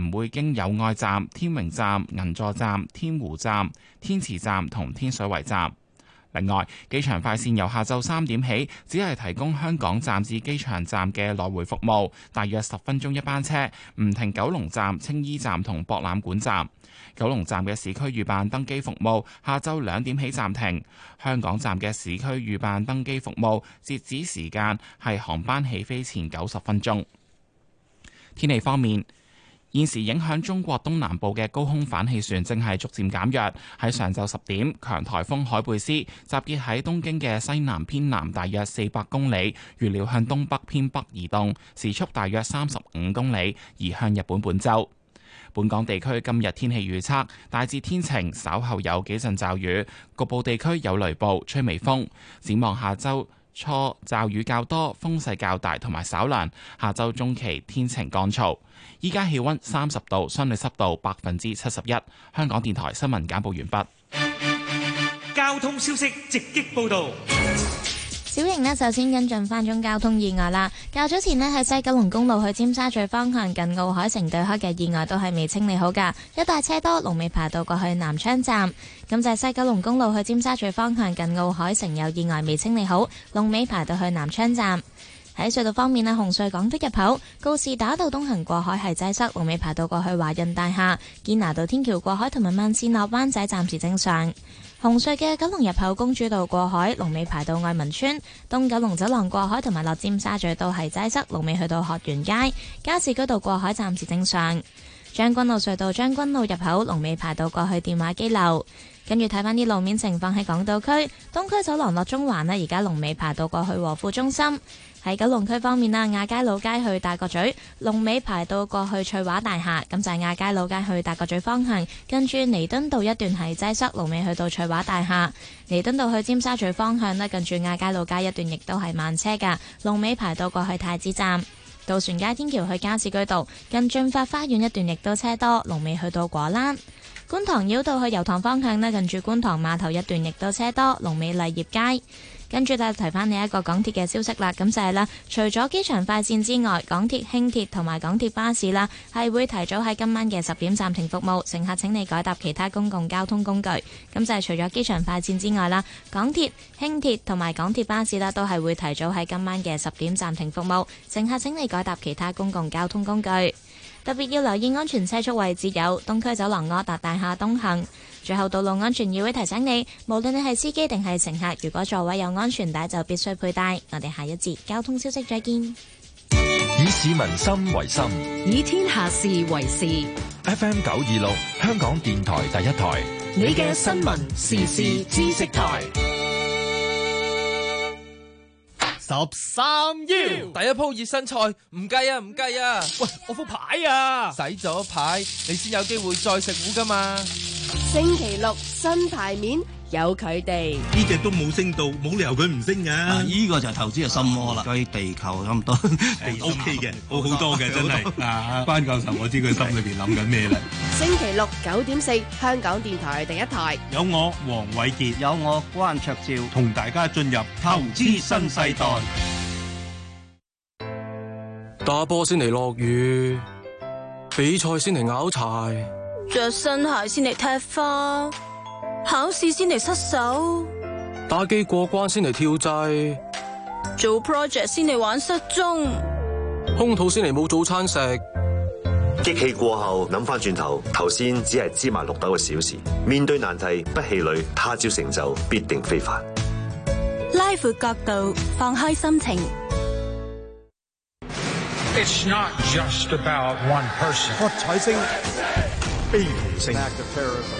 唔會經友愛站、天榮站、銀座站、天湖站、天慈站同天水圍站。另外，機場快線由下晝三點起，只係提供香港站至機場站嘅來回服務，大約十分鐘一班車，唔停九龍站、青衣站同博覽館站。九龍站嘅市區預辦登機服務下晝兩點起暫停，香港站嘅市區預辦登機服務截止時間係航班起飛前九十分鐘。天氣方面。現時影響中國東南部嘅高空反氣旋正係逐漸減弱。喺上晝十點，強颱風海貝斯集結喺東京嘅西南偏南大約四百公里，預料向東北偏北移動，時速大約三十五公里，移向日本本州。本港地區今日天氣預測，大致天晴，稍後有幾陣驟雨，局部地區有雷暴，吹微風。展望下周。初驟雨較多，風勢較大，同埋稍涼。下周中期天晴乾燥。依家氣溫三十度，相對濕度百分之七十一。香港電台新聞簡報完畢。交通消息直擊報道。小型呢，就先跟進返宗交通意外啦。較早前呢，喺西九龍公路去尖沙咀方向近奧海城對開嘅意外都係未清理好㗎，一帶車多，龍尾排到過去南昌站。咁就係西九龍公路去尖沙咀方向近奧海城有意外未清理好，龍尾排到去南昌站。喺隧道方面呢，紅隧港島入口告士打道東行過海係擠塞，龍尾排到過去華潤大廈。堅拿道天橋過海同埋慢線落灣仔暫時正常。紅隧嘅九龍入口公主道過海龍尾排到愛民村，東九龍走廊過海同埋落尖沙咀都係擠塞，龍尾去到學園街。加士居道過海暫時正常。將軍澳隧道將軍澳入口龍尾排到過去電話機樓。跟住睇翻啲路面情況喺港島區東區走廊落中環咧，而家龍尾排到過去和富中心。喺九龍區方面啦，亞皆老街去大角咀龍尾排到過去翠華大廈，咁就係、是、亞皆老街去大角咀方向。跟住彌敦道一段係擠塞，龍尾去到翠華大廈。彌敦道去尖沙咀方向咧，跟住亞皆老街一段亦都係慢車㗎。龍尾排到過去太子站，渡船街天橋去加士居道，近駿發花園一段亦都車多，龍尾去到果欄。觀塘繞道去油塘方向咧，近住觀塘碼頭一段亦都車多。龍尾麗業街，跟住就提翻你一個港鐵嘅消息啦。咁就係啦，除咗機場快綫之外，港鐵輕鐵同埋港鐵巴士啦，係會提早喺今晚嘅十點暫停服務，乘客請你改搭其他公共交通工具。咁就係除咗機場快綫之外啦，港鐵輕鐵同埋港鐵巴士啦，都係會提早喺今晚嘅十點暫停服務，乘客請你改搭其他公共交通工具。特別要留意安全車速位置有東區走廊柯達大廈東行。最後道路安全議會提醒你，無論你係司機定係乘客，如果座位有安全帶就必須佩戴。我哋下一節交通消息再見。以市民心為心，以天下事為事。FM 九二六，香港電台第一台，你嘅新聞時事知識台。十三幺，u 第一鋪熱身賽，唔計啊唔計啊！啊喂，我副牌啊，洗咗牌，你先有機會再食糊噶嘛。星期六新牌面。有佢哋呢隻都冇升到，冇理由佢唔升噶。呢個就投資嘅心魔啦，對地球咁多 OK 嘅，好好多嘅真係。啊，班教授，我知佢心裏邊諗緊咩啦。星期六九點四，香港電台第一台。有我黃偉傑，有我關卓照，同大家進入投資新世代。打波先嚟落雨，比賽先嚟拗柴，着新鞋先嚟踢花。考試先嚟失手，打機過關先嚟跳掣，做 project 先嚟玩失蹤，空肚先嚟冇早餐食。激氣過後諗翻轉頭，頭先只係芝麻綠豆嘅小事。面對難題不氣餒，他朝成就必定非凡。拉闊角度放開心情。It's not just about one person。哎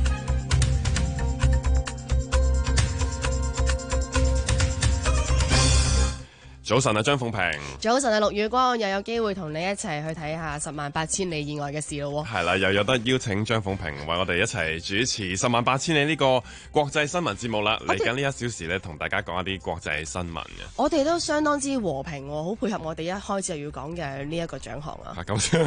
早晨啊，張鳳平。早晨啊，陸宇光，又有機會同你一齊去睇下十萬八千里以外嘅事咯、哦。係啦，又有得邀請張鳳平，為我哋一齊主持《十萬八千里》呢個國際新聞節目啦。嚟緊呢一小時咧，同大家講一啲國際新聞嘅。我哋都相當之和平、哦，好配合我哋一開始就要講嘅呢一個獎項啊。咁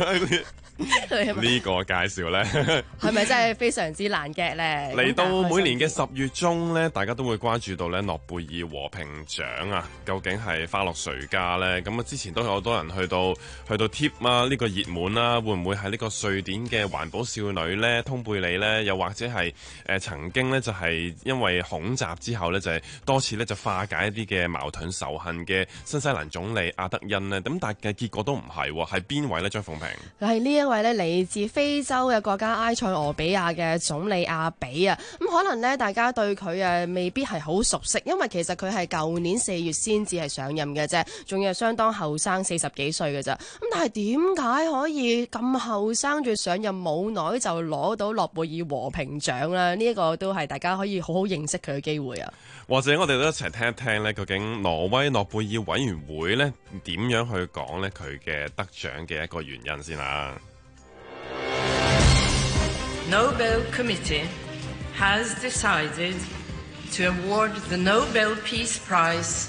呢個介紹咧，係 咪真係非常之難夾咧？嚟到每年嘅十月中咧，大家都會關注到咧諾貝爾和平獎啊，究竟係花落誰家咧？咁啊，之前都有好多人去到去到 Tip 啊，呢、呢個熱門啦、啊，會唔會係呢個瑞典嘅環保少女咧？通貝里咧，又或者係誒、呃、曾經咧就係因為恐襲之後咧就係、是、多次咧就化解一啲嘅矛盾仇恨嘅新西蘭總理阿德恩咧，咁但嘅結果都唔係、啊，係邊位咧？張鳳平係呢一位咧嚟自非洲嘅國家埃塞俄比亞嘅總理阿比啊，咁、嗯、可能咧大家對佢誒、啊、未必係好熟悉，因為其實佢係舊年四月先至係上任嘅。仲要係相當後生，四十幾歲嘅咋。咁但係點解可以咁後生，仲上任冇耐就攞到諾貝爾和平獎咧？呢、這、一個都係大家可以好好認識佢嘅機會啊！或者我哋都一齊聽一聽呢，究竟挪威諾貝爾委員會呢點樣去講呢？佢嘅得獎嘅一個原因先啦。Nobel Committee has decided to award the Nobel Peace Prize.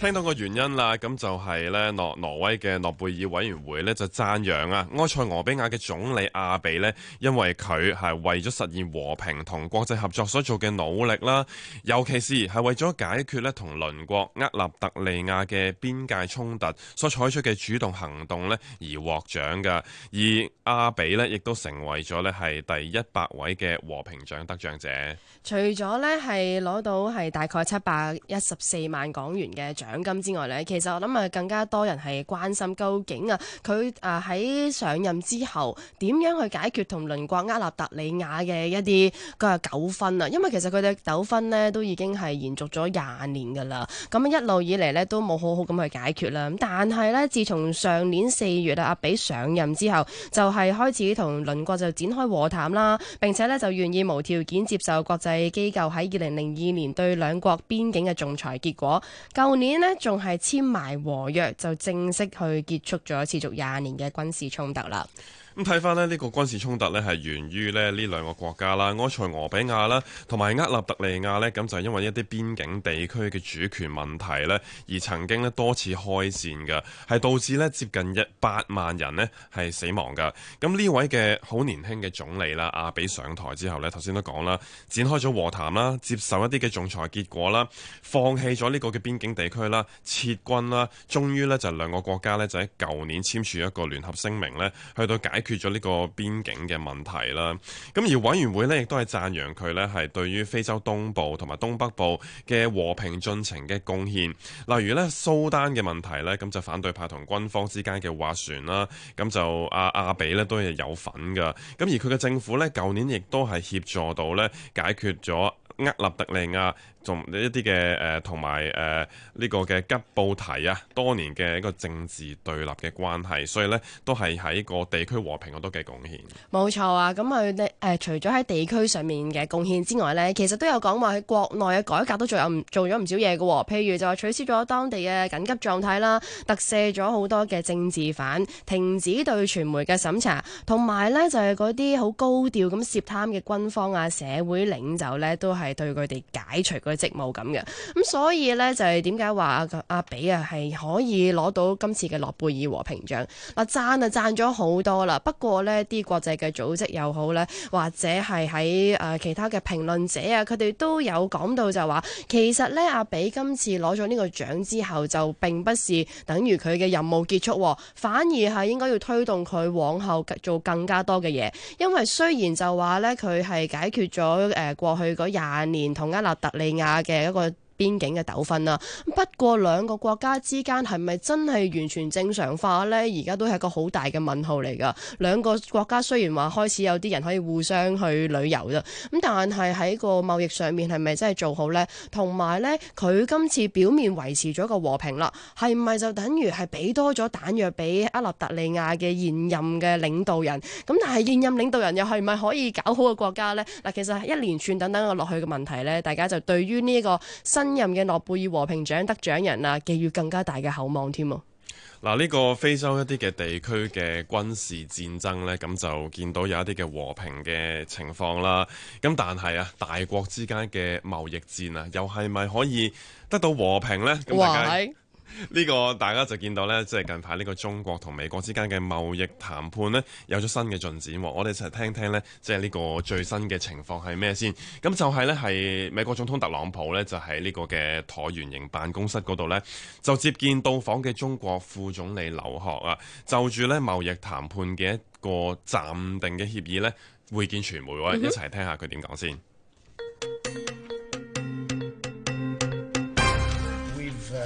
聽到個原因啦，咁就係咧挪挪威嘅諾貝爾委員會咧就讚揚啊埃塞俄比亞嘅總理阿比咧，因為佢係為咗實現和平同國際合作所做嘅努力啦，尤其是係為咗解決咧同鄰國厄立特利亞嘅邊界衝突所採取嘅主動行動咧而獲獎噶。而阿比咧亦都成為咗咧係第一百位嘅和平獎得獎者。除咗咧係攞到係大概七百一十四萬港元嘅獎。獎金之外呢，其實我諗啊，更加多人係關心究竟啊，佢啊喺上任之後點樣去解決同鄰國厄立特里亞嘅一啲嘅糾紛啊。因為其實佢哋嘅糾紛呢都已經係延續咗廿年㗎啦。咁一路以嚟呢都冇好好咁去解決啦。咁但係呢，自從上年四月啊阿比上任之後，就係開始同鄰國就展開和談啦，並且呢就願意無條件接受國際機構喺二零零二年對兩國邊境嘅仲裁結果。舊年。仲係簽埋和約，就正式去結束咗持續廿年嘅軍事衝突啦。咁睇翻咧，呢個軍事衝突呢係源於咧呢兩個國家啦，埃塞俄比亞啦，同埋厄立特利亞呢咁就係、因為一啲邊境地區嘅主權問題呢而曾經咧多次開戰嘅，係導致呢接近一百萬人呢係死亡嘅。咁呢位嘅好年輕嘅總理啦，阿比上台之後呢，頭先都講啦，展開咗和談啦，接受一啲嘅仲裁結果啦，放棄咗呢個嘅邊境地區啦，撤軍啦，終於呢，就兩個國家呢，就喺舊年簽署一個聯合聲明呢，去到解決。解決咗呢個邊境嘅問題啦，咁而委員會呢，亦都係讚揚佢呢係對於非洲東部同埋東北部嘅和平進程嘅貢獻，例如呢，蘇丹嘅問題呢，咁就反對派同軍方之間嘅斡旋啦，咁就阿、啊、阿比呢，都係有份噶，咁而佢嘅政府呢，舊年亦都係協助到呢解決咗厄立特利亞。同一啲嘅誒同埋誒呢個嘅吉布提啊，多年嘅一個政治對立嘅關係，所以咧都係喺個地區和平我都幾貢獻，冇錯啊，咁佢哋誒除咗喺地區上面嘅貢獻之外咧，其實都有講話喺國內嘅改革都仲有做咗唔少嘢嘅喎。譬如就話取消咗當地嘅緊急狀態啦，特赦咗好多嘅政治犯，停止對傳媒嘅審查，同埋咧就係嗰啲好高調咁涉貪嘅軍方啊、社會領袖咧，都係對佢哋解除嗰職務咁嘅，咁所以咧就係點解話阿阿比啊係可以攞到今次嘅諾貝爾和平獎？啊讚啊，讚咗好多啦。不過咧，啲國際嘅組織又好咧，或者係喺誒其他嘅評論者啊，佢哋都有講到就話，其實咧阿比今次攞咗呢個獎之後，就並不是等於佢嘅任務結束，反而係應該要推動佢往後做更加多嘅嘢。因為雖然就話咧佢係解決咗誒、呃、過去嗰廿年同厄立特里。嘅一個。邊境嘅糾紛啊，不過兩個國家之間係咪真係完全正常化呢？而家都係一個好大嘅問號嚟噶。兩個國家雖然話開始有啲人可以互相去旅遊啦，咁但係喺個貿易上面係咪真係做好呢？同埋呢，佢今次表面維持咗一個和平啦，係咪就等於係俾多咗彈藥俾阿納特利亞嘅現任嘅領導人？咁但係現任領導人又係咪可以搞好個國家呢？嗱，其實一連串等等嘅落去嘅問題呢，大家就對於呢個新。新任嘅諾貝爾和平獎得獎人啦，寄予更加大嘅厚望添。嗱，呢個非洲一啲嘅地區嘅軍事戰爭呢，咁就見到有一啲嘅和平嘅情況啦。咁但係啊，大國之間嘅貿易戰啊，又係咪可以得到和平呢？咧？呢個大家就見到呢，即係近排呢個中國同美國之間嘅貿易談判呢，有咗新嘅進展。我哋一齊聽聽呢，即係呢個最新嘅情況係咩先？咁就係呢，係美國總統特朗普呢，就喺呢個嘅橢圓形辦公室嗰度呢，就接見到訪嘅中國副總理劉鶴啊，就住呢貿易談判嘅一個暫定嘅協議呢，會見傳媒，嗯、哼一齊聽下佢點講先。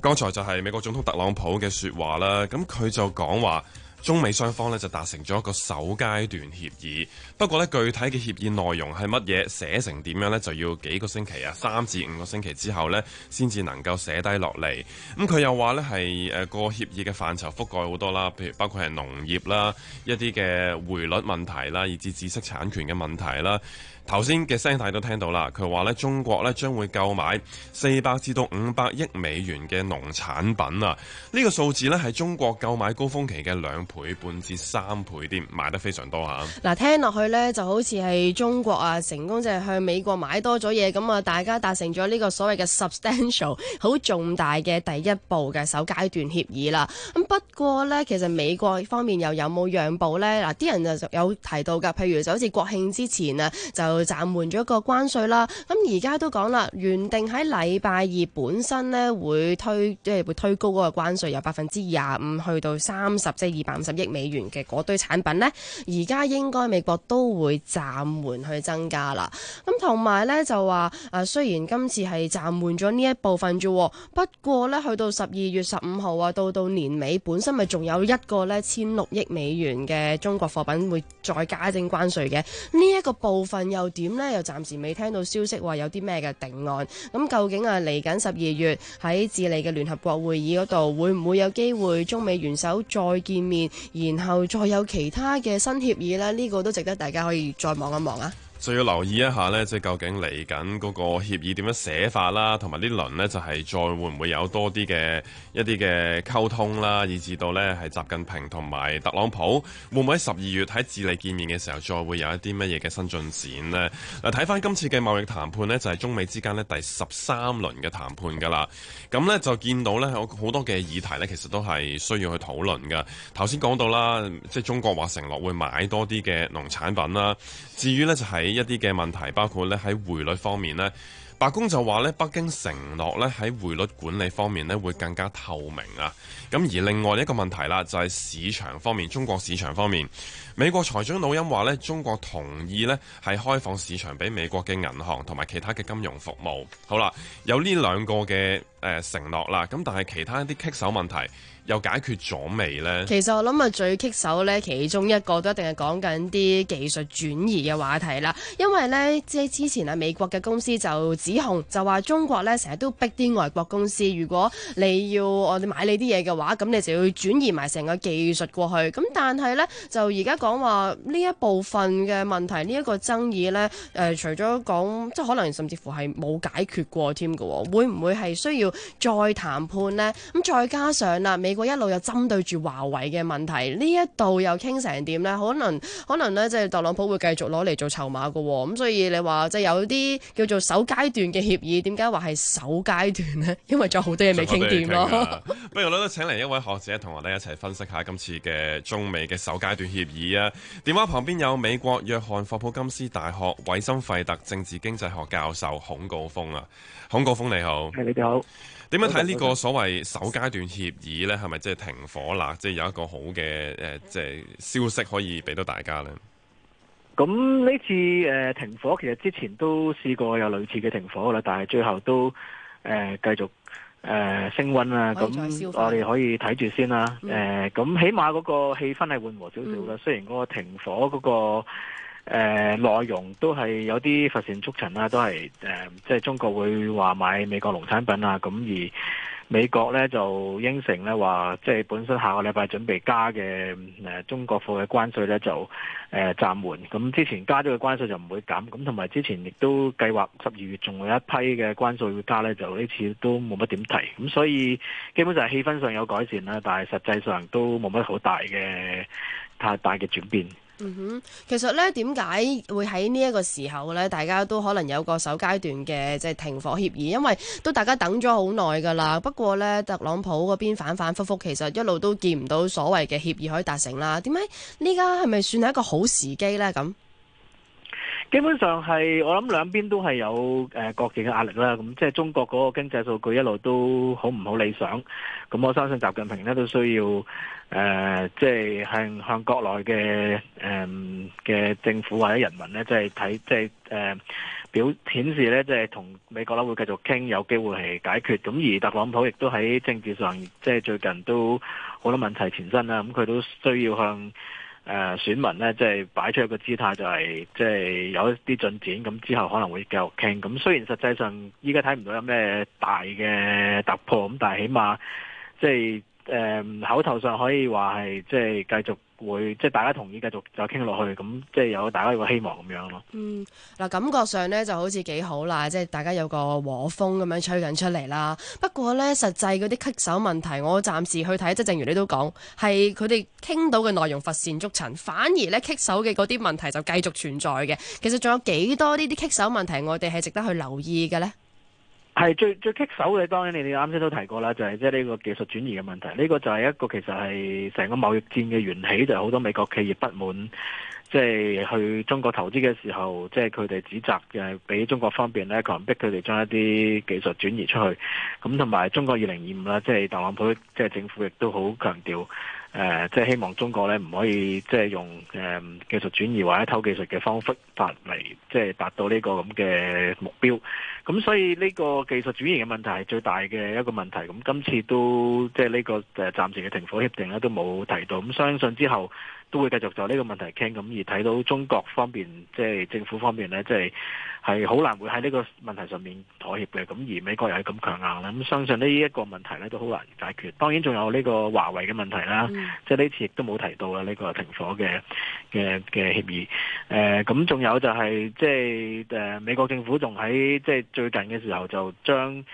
剛才就係美國總統特朗普嘅説話啦，咁佢就講話中美雙方呢就達成咗一個首階段協議，不過呢，具體嘅協議內容係乜嘢？寫成點樣呢？就要幾個星期啊，三至五個星期之後呢，先至能夠寫低落嚟。咁佢又話呢係誒個協議嘅範疇覆蓋好多啦，譬如包括係農業啦、一啲嘅匯率問題啦，以至知識產權嘅問題啦。頭先嘅聲帶都聽到啦，佢話咧中國咧將會購買四百至到五百億美元嘅農產品啊！呢個數字咧係中國購買高峰期嘅兩倍半至三倍啲，買得非常多嚇。嗱，聽落去咧就好似係中國啊成功就係向美國買多咗嘢，咁啊大家達成咗呢個所謂嘅 substantial 好重大嘅第一步嘅首階段協議啦。咁不過咧，其實美國方面又有冇讓步咧？嗱，啲人就有提到噶，譬如就好似國慶之前啊就。暫緩咗個關稅啦，咁而家都講啦，原定喺禮拜二本身咧會推，即係會推高嗰個關稅由百分之廿五去到三十，即係二百五十億美元嘅嗰堆產品咧，而家應該美國都會暫緩去增加啦。咁同埋咧就話，啊雖然今次係暫緩咗呢一部分啫，不過咧去到十二月十五號啊，到到年尾本身咪仲有一個咧千六億美元嘅中國貨品會再加徵關稅嘅，呢一個部分又點呢？又暫時未聽到消息話有啲咩嘅定案。咁究竟啊，嚟緊十二月喺智利嘅聯合國會議嗰度，會唔會有機會中美元首再見面，然後再有其他嘅新協議呢？呢個都值得大家可以再望一望啊！就要留意一下呢，即係究竟嚟緊嗰個協議點樣寫法啦，同埋呢輪呢就係、是、再會唔會有多啲嘅一啲嘅溝通啦，以至到呢係習近平同埋特朗普會唔會喺十二月喺智利見面嘅時候，再會有一啲乜嘢嘅新進展呢？嗱，睇翻今次嘅貿易談判呢，就係、是、中美之間呢第十三輪嘅談判噶啦。咁呢就見到呢，有好多嘅議題呢其實都係需要去討論嘅。頭先講到啦，即、就、係、是、中國話承諾會買多啲嘅農產品啦。至於咧就喺一啲嘅問題，包括咧喺匯率方面呢，白宮就話咧北京承諾咧喺匯率管理方面咧會更加透明啊。咁而另外一個問題啦，就係市場方面，中國市場方面，美國財長紐欽話呢中國同意呢係開放市場俾美國嘅銀行同埋其他嘅金融服務。好啦，有呢兩個嘅誒、呃、承諾啦，咁但係其他啲棘手問題又解決咗未呢？其實我諗啊，最棘手呢，其中一個都一定係講緊啲技術轉移嘅話題啦，因為呢，即係之前啊，美國嘅公司就指控，就話中國呢成日都逼啲外國公司，如果你要我哋買你啲嘢嘅。話咁你就要轉移埋成個技術過去，咁但係呢，就而家講話呢一部分嘅問題，呢、這、一個爭議呢，誒、呃，除咗講即係可能甚至乎係冇解決過添㗎喎，會唔會係需要再談判呢？咁再加上啦，美國一路又針對住華為嘅問題，呢一度又傾成點呢？可能可能呢，即係特朗普會繼續攞嚟做籌碼㗎喎，咁所以你話即係有啲叫做首階段嘅協議，點解話係首階段呢？因為仲有好多嘢未傾掂咯。 不如一位學者同我哋一齊分析下今次嘅中美嘅首階段協議啊！電話旁邊有美國約翰霍普金斯大學韋森費特政治經濟學教授孔高峰啊，孔高峰你好，係你哋好。點樣睇呢個所謂首階段協議呢，係咪即係停火啦？即係有一個好嘅誒，即係消息可以俾到大家呢？咁呢次誒停火，其實之前都試過有類似嘅停火啦，但係最後都誒繼續。誒、呃、升溫啦、啊，咁我哋可以睇住先啦。誒咁、嗯嗯、起碼嗰個氣氛係緩和少少嘅，嗯、雖然嗰個停火嗰、嗰個誒、呃、內容都係有啲乏善足陳啦、啊，都係誒即係中國會話買美國農產品啊，咁而。美國咧就應承咧話，即係本身下個禮拜準備加嘅誒中國貨嘅關稅咧，就誒暫緩。咁之前加咗嘅關稅就唔會減。咁同埋之前亦都計劃十二月仲有一批嘅關稅會加咧，就呢次都冇乜點提。咁所以基本上係氣氛上有改善啦，但係實際上都冇乜好大嘅太大嘅轉變。嗯哼，其實咧點解會喺呢一個時候咧，大家都可能有個首階段嘅即係停火協議，因為都大家等咗好耐噶啦。不過咧，特朗普嗰邊反反复复，其實一路都見唔到所謂嘅協議可以達成啦。點解呢？家係咪算係一個好時機呢？咁？基本上係我諗兩邊都係有誒各自嘅壓力啦，咁、嗯、即係中國嗰個經濟數據一路都好唔好理想，咁、嗯、我相信習近平咧都需要誒、呃，即係向向國內嘅誒嘅政府或者人民咧，即係睇即係誒表顯示咧，即係同、呃、美國啦會繼續傾，有機會係解決。咁、嗯、而特朗普亦都喺政治上即係最近都好多問題纏身啦，咁、嗯、佢都需要向誒、呃、選民咧，即係擺出一個姿態，就係，就係即係有一啲進展，咁之後可能會繼續傾。咁雖然實際上依家睇唔到有咩大嘅突破，咁但係起碼即係誒、呃、口頭上可以話係即係繼續。會即係大家同意繼續就傾落去，咁即係有大家有個希望咁樣咯。嗯，嗱感覺上呢就好似幾好啦，即係大家有個和風咁樣吹緊出嚟啦。不過呢，實際嗰啲棘手問題，我暫時去睇，即正如你都講，係佢哋傾到嘅內容乏善足陳，反而呢棘手嘅嗰啲問題就繼續存在嘅。其實仲有幾多呢啲棘手問題，我哋係值得去留意嘅呢？係最最棘手嘅，當然你你啱先都提過啦，就係即係呢個技術轉移嘅問題。呢、呢個就係一個其實係成個貿易戰嘅源起，就係、是、好多美國企業不滿，即、就、係、是、去中國投資嘅時候，即係佢哋指責嘅，俾、就是、中國方面咧強逼佢哋將一啲技術轉移出去。咁同埋中國二零二五啦，即係特朗普即係政府亦都好強調。誒、呃，即係希望中國咧唔可以即係用誒、呃、技術轉移或者偷技術嘅方法嚟，即係達到呢個咁嘅目標。咁所以呢個技術轉移嘅問題係最大嘅一個問題。咁今次都即係呢個誒暫時嘅停火協定咧都冇提到。咁相信之後，都會繼續就呢個問題傾，咁而睇到中國方面，即係政府方面呢，即係係好難會喺呢個問題上面妥協嘅。咁而美國又係咁強硬啦，咁相信呢一個問題呢，都好難解決。當然仲有呢個華為嘅問題啦，即係呢次亦都冇提到啊，呢個停火嘅嘅嘅協議。誒、呃，咁仲有就係即係誒美國政府仲喺即係最近嘅時候就將。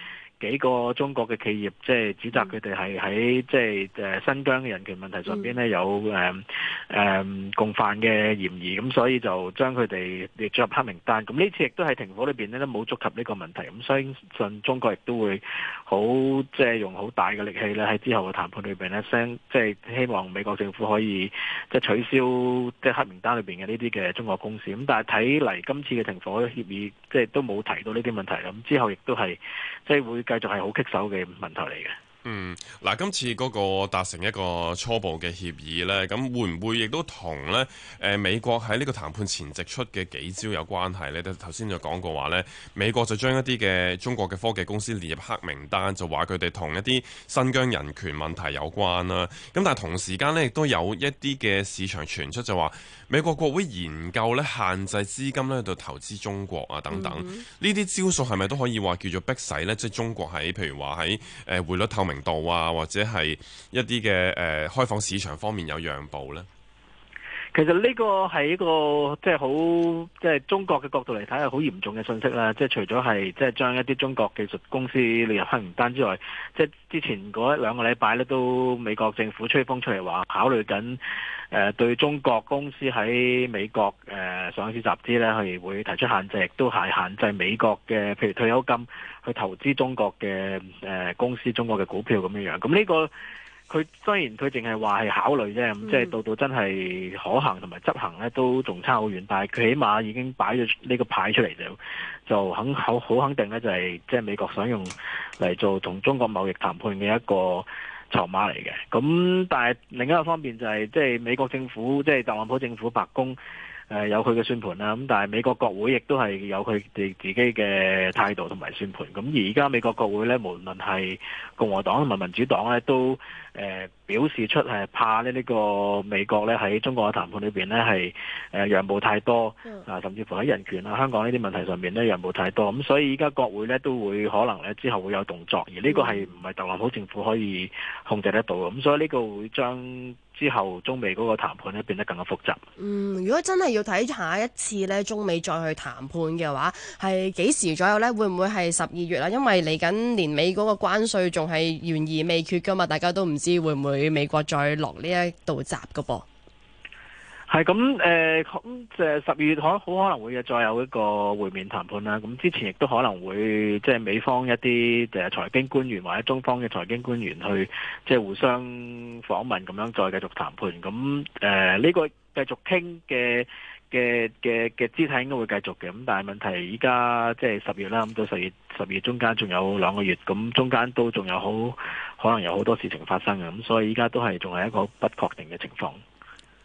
幾個中國嘅企業，即係指責佢哋係喺即係誒新疆嘅人權問題上邊咧有誒誒、嗯嗯、共犯嘅嫌疑，咁所以就將佢哋列入黑名單。咁呢次亦都係停火裏邊咧都冇觸及呢個問題，咁相信中國亦都會好即係用好大嘅力氣咧喺之後嘅談判裏邊咧，想即係希望美國政府可以即係取消即係黑名單裏邊嘅呢啲嘅中國公司。咁但係睇嚟今次嘅停火協議即係都冇提到呢啲問題。咁之後亦都係即係會。繼續係好棘手嘅問題嚟嘅。嗯，嗱，今次嗰個達成一個初步嘅協議咧，咁會唔會亦都同咧誒美國喺呢個談判前夕出嘅幾招有關係咧？頭先就講過話咧，美國就將一啲嘅中國嘅科技公司列入黑名單，就話佢哋同一啲新疆人權問題有關啦。咁但係同時間咧，亦都有一啲嘅市場傳出就話美國國會研究咧限制資金咧度投資中國啊等等。呢啲，嗯，招數係咪都可以話叫做逼使咧，即、就、係、是、中國喺譬如話，喺誒匯率透明？度啊，或者係一啲嘅誒開放市場方面有讓步咧。其實呢個係一個即係好即係中國嘅角度嚟睇係好嚴重嘅信息啦，即係除咗係即係將一啲中國技術公司列入黑名單之外，即係之前嗰一兩個禮拜咧都美國政府吹風出嚟話考慮緊誒、呃、對中國公司喺美國誒、呃、上市集資咧係會提出限制，亦都係限制美國嘅譬如退休金去投資中國嘅誒、呃、公司、中國嘅股票咁樣樣。咁呢個佢雖然佢淨係話係考慮啫，即係、嗯、到到真係可行同埋執行咧都仲差好遠，但係佢起碼已經擺咗呢個牌出嚟啫，就肯好好肯定咧，就係即係美國想用嚟做同中國貿易談判嘅一個籌碼嚟嘅。咁但係另一個方面就係、是、即係美國政府即係特朗普政府白宮。誒有佢嘅算盤啦，咁但係美國國會亦都係有佢哋自己嘅態度同埋算盤。咁而家美國國會咧，無論係共和黨同埋民主黨咧，都誒、呃、表示出係怕咧呢個美國咧喺中國嘅談判裏邊咧係誒讓步太多啊，甚至乎喺人權啊、香港呢啲問題上面咧讓步太多。咁所以而家國會咧都會可能咧之後會有動作，而呢個係唔係特朗普政府可以控制得到？咁所以呢個會將。之後，中美嗰個談判咧變得更加複雜。嗯，如果真係要睇下一次咧，中美再去談判嘅話，係幾時左右呢？會唔會係十二月啊？因為嚟緊年尾嗰個關稅仲係懸而未決噶嘛，大家都唔知會唔會美國再落呢一度閘噶噃。係咁，誒，咁即係十二月可好可能會再有一個會面談判啦。咁之前亦都可能會即係美方一啲誒財經官員或者中方嘅財經官員去即係互相訪問咁樣，再繼續談判。咁誒呢個繼續傾嘅嘅嘅嘅姿態應該會繼續嘅。咁但係問題依家即係十月啦，咁到十月十二月中間仲有兩個月，咁中間都仲有好可能有好多事情發生嘅。咁所以依家都係仲係一個不確定嘅情況。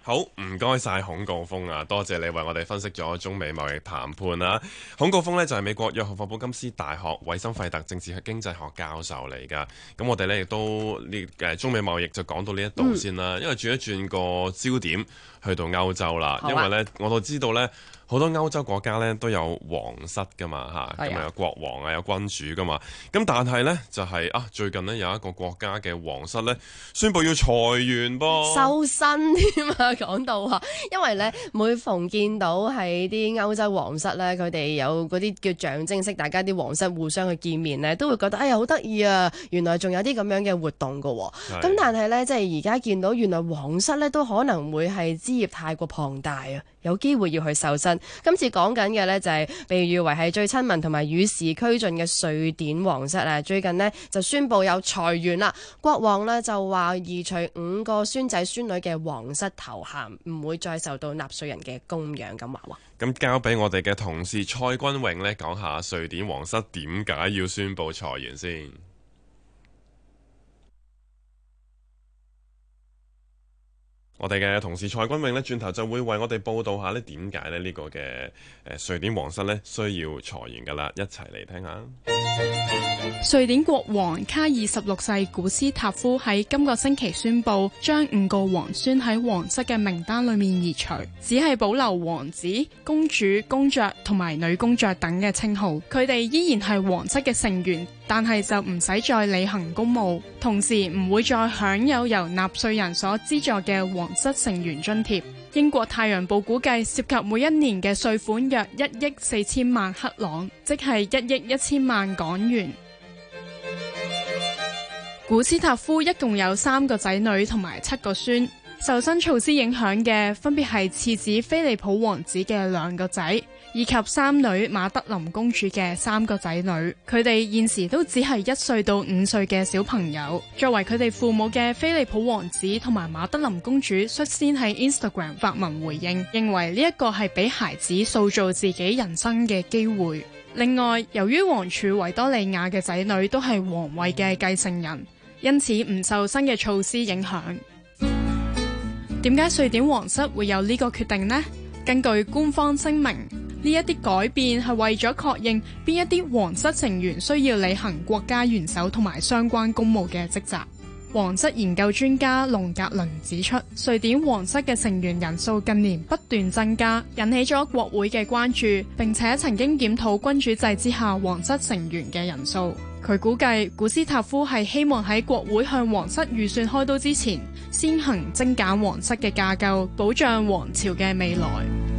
好唔該晒孔高峰啊！多謝你為我哋分析咗中美貿易談判啊。孔高峰呢，就係、是、美國約翰霍普金斯大學韋森費特政治經濟學教授嚟噶。咁我哋呢，亦都呢，誒中美貿易就講到呢一度先啦，嗯、因為轉一轉個焦點。去到歐洲啦，吧因為咧，我都知道咧，好多歐洲國家咧都有皇室噶嘛嚇，咁啊的、嗯、有國王啊有君主噶嘛。咁但係咧就係、是、啊最近呢，有一個國家嘅皇室咧，宣布要裁員噃、啊，收身添啊！ 講到啊，因為咧每逢見到喺啲歐洲皇室咧，佢哋有嗰啲叫象徵式，大家啲皇室互相去見面咧，都會覺得哎呀好得意啊！原來仲有啲咁樣嘅活動噶喎、啊。咁的但係咧即係而家見到原來皇室咧都可能會係。事業太過龐大啊，有機會要去瘦身。今次講緊嘅呢，就係被譽為係最親民同埋與時俱進嘅瑞典皇室啊，最近呢，就宣布有裁員啦。國王呢，就話移除五個孫仔孫女嘅皇室頭銜，唔會再受到納稅人嘅供養咁話話。咁交俾我哋嘅同事蔡君永呢，講下瑞典皇室點解要宣布裁員先。我哋嘅同事蔡君永呢，轉頭就會為我哋報道下呢，點解呢呢個嘅誒瑞典皇室呢需要裁員噶啦？一齊嚟聽下。瑞典國王卡爾十六世古斯塔夫喺今個星期宣布，將五個皇孫喺皇室嘅名單裏面移除，只係保留王子、公主、公爵同埋女公爵等嘅稱號。佢哋依然係皇室嘅成員，但係就唔使再履行公務，同時唔會再享有由納稅人所資助嘅皇室成員津貼。英國太陽報估計涉及每一年嘅稅款約一億四千萬克朗，即係一億一千萬港元。古斯塔夫一共有三個仔女同埋七個孫，受新措施影響嘅分別係次子菲利普王子嘅兩個仔，以及三女馬德琳公主嘅三個仔女，佢哋現時都只係一歲到五歲嘅小朋友。作為佢哋父母嘅菲利普王子同埋馬德琳公主率先喺 Instagram 發文回應，認為呢一個係俾孩子塑造自己人生嘅機會。另外，由於王儲維多利亞嘅仔女都係皇位嘅繼承人，因此唔受新嘅措施影響。點解瑞典皇室會有呢個決定呢？根據官方聲明。呢一啲改變係為咗確認邊一啲皇室成員需要履行國家元首同埋相關公務嘅職責。皇室研究專家隆格倫指出，瑞典皇室嘅成員人數近年不斷增加，引起咗國會嘅關注，並且曾經檢討君主制之下皇室成員嘅人數。佢估計古斯塔夫係希望喺國會向皇室預算開刀之前，先行精簡皇室嘅架構，保障皇朝嘅未來。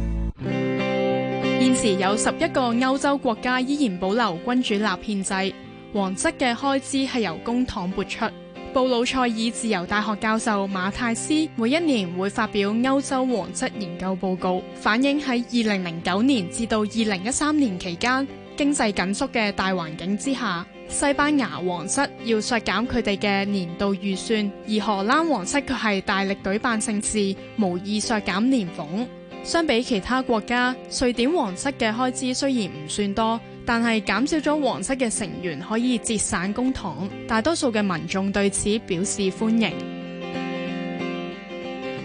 現時有十一個歐洲國家依然保留君主立憲制，皇室嘅開支係由公帑撥出。布魯塞爾自由大學教授馬泰斯每一年會發表歐洲皇室研究報告，反映喺二零零九年至到二零一三年期間，經濟緊縮嘅大環境之下，西班牙皇室要削減佢哋嘅年度預算，而荷蘭皇室卻係大力舉辦盛事，無意削減年俸。相比其他國家，瑞典皇室嘅開支雖然唔算多，但係減少咗皇室嘅成員可以節省公帑，大多數嘅民眾對此表示歡迎。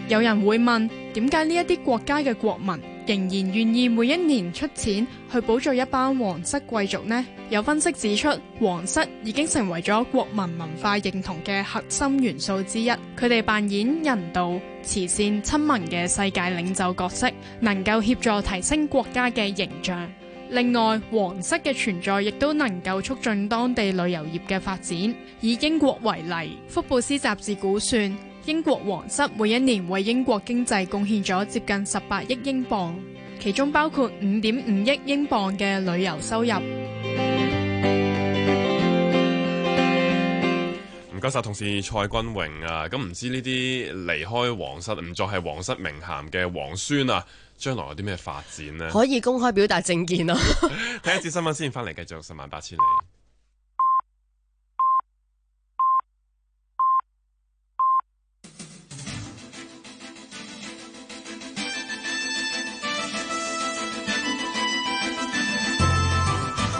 有人會問，點解呢一啲國家嘅國民仍然願意每一年出錢去補助一班皇室貴族呢？有分析指出，皇室已經成為咗國民文化認同嘅核心元素之一，佢哋扮演人道、慈善、親民嘅世界領袖角色，能夠協助提升國家嘅形象。另外，皇室嘅存在亦都能夠促進當地旅遊業嘅發展。以英國為例，福布斯雜誌估算，英國皇室每一年為英國經濟貢獻咗接近十八億英鎊，其中包括五點五億英鎊嘅旅遊收入。唔該晒，同事蔡君榮啊。咁唔知呢啲離開皇室，唔再係皇室名銜嘅皇孫啊，將來有啲咩發展呢？可以公開表達政見咯。睇一次新聞先，翻嚟繼續十萬八千里。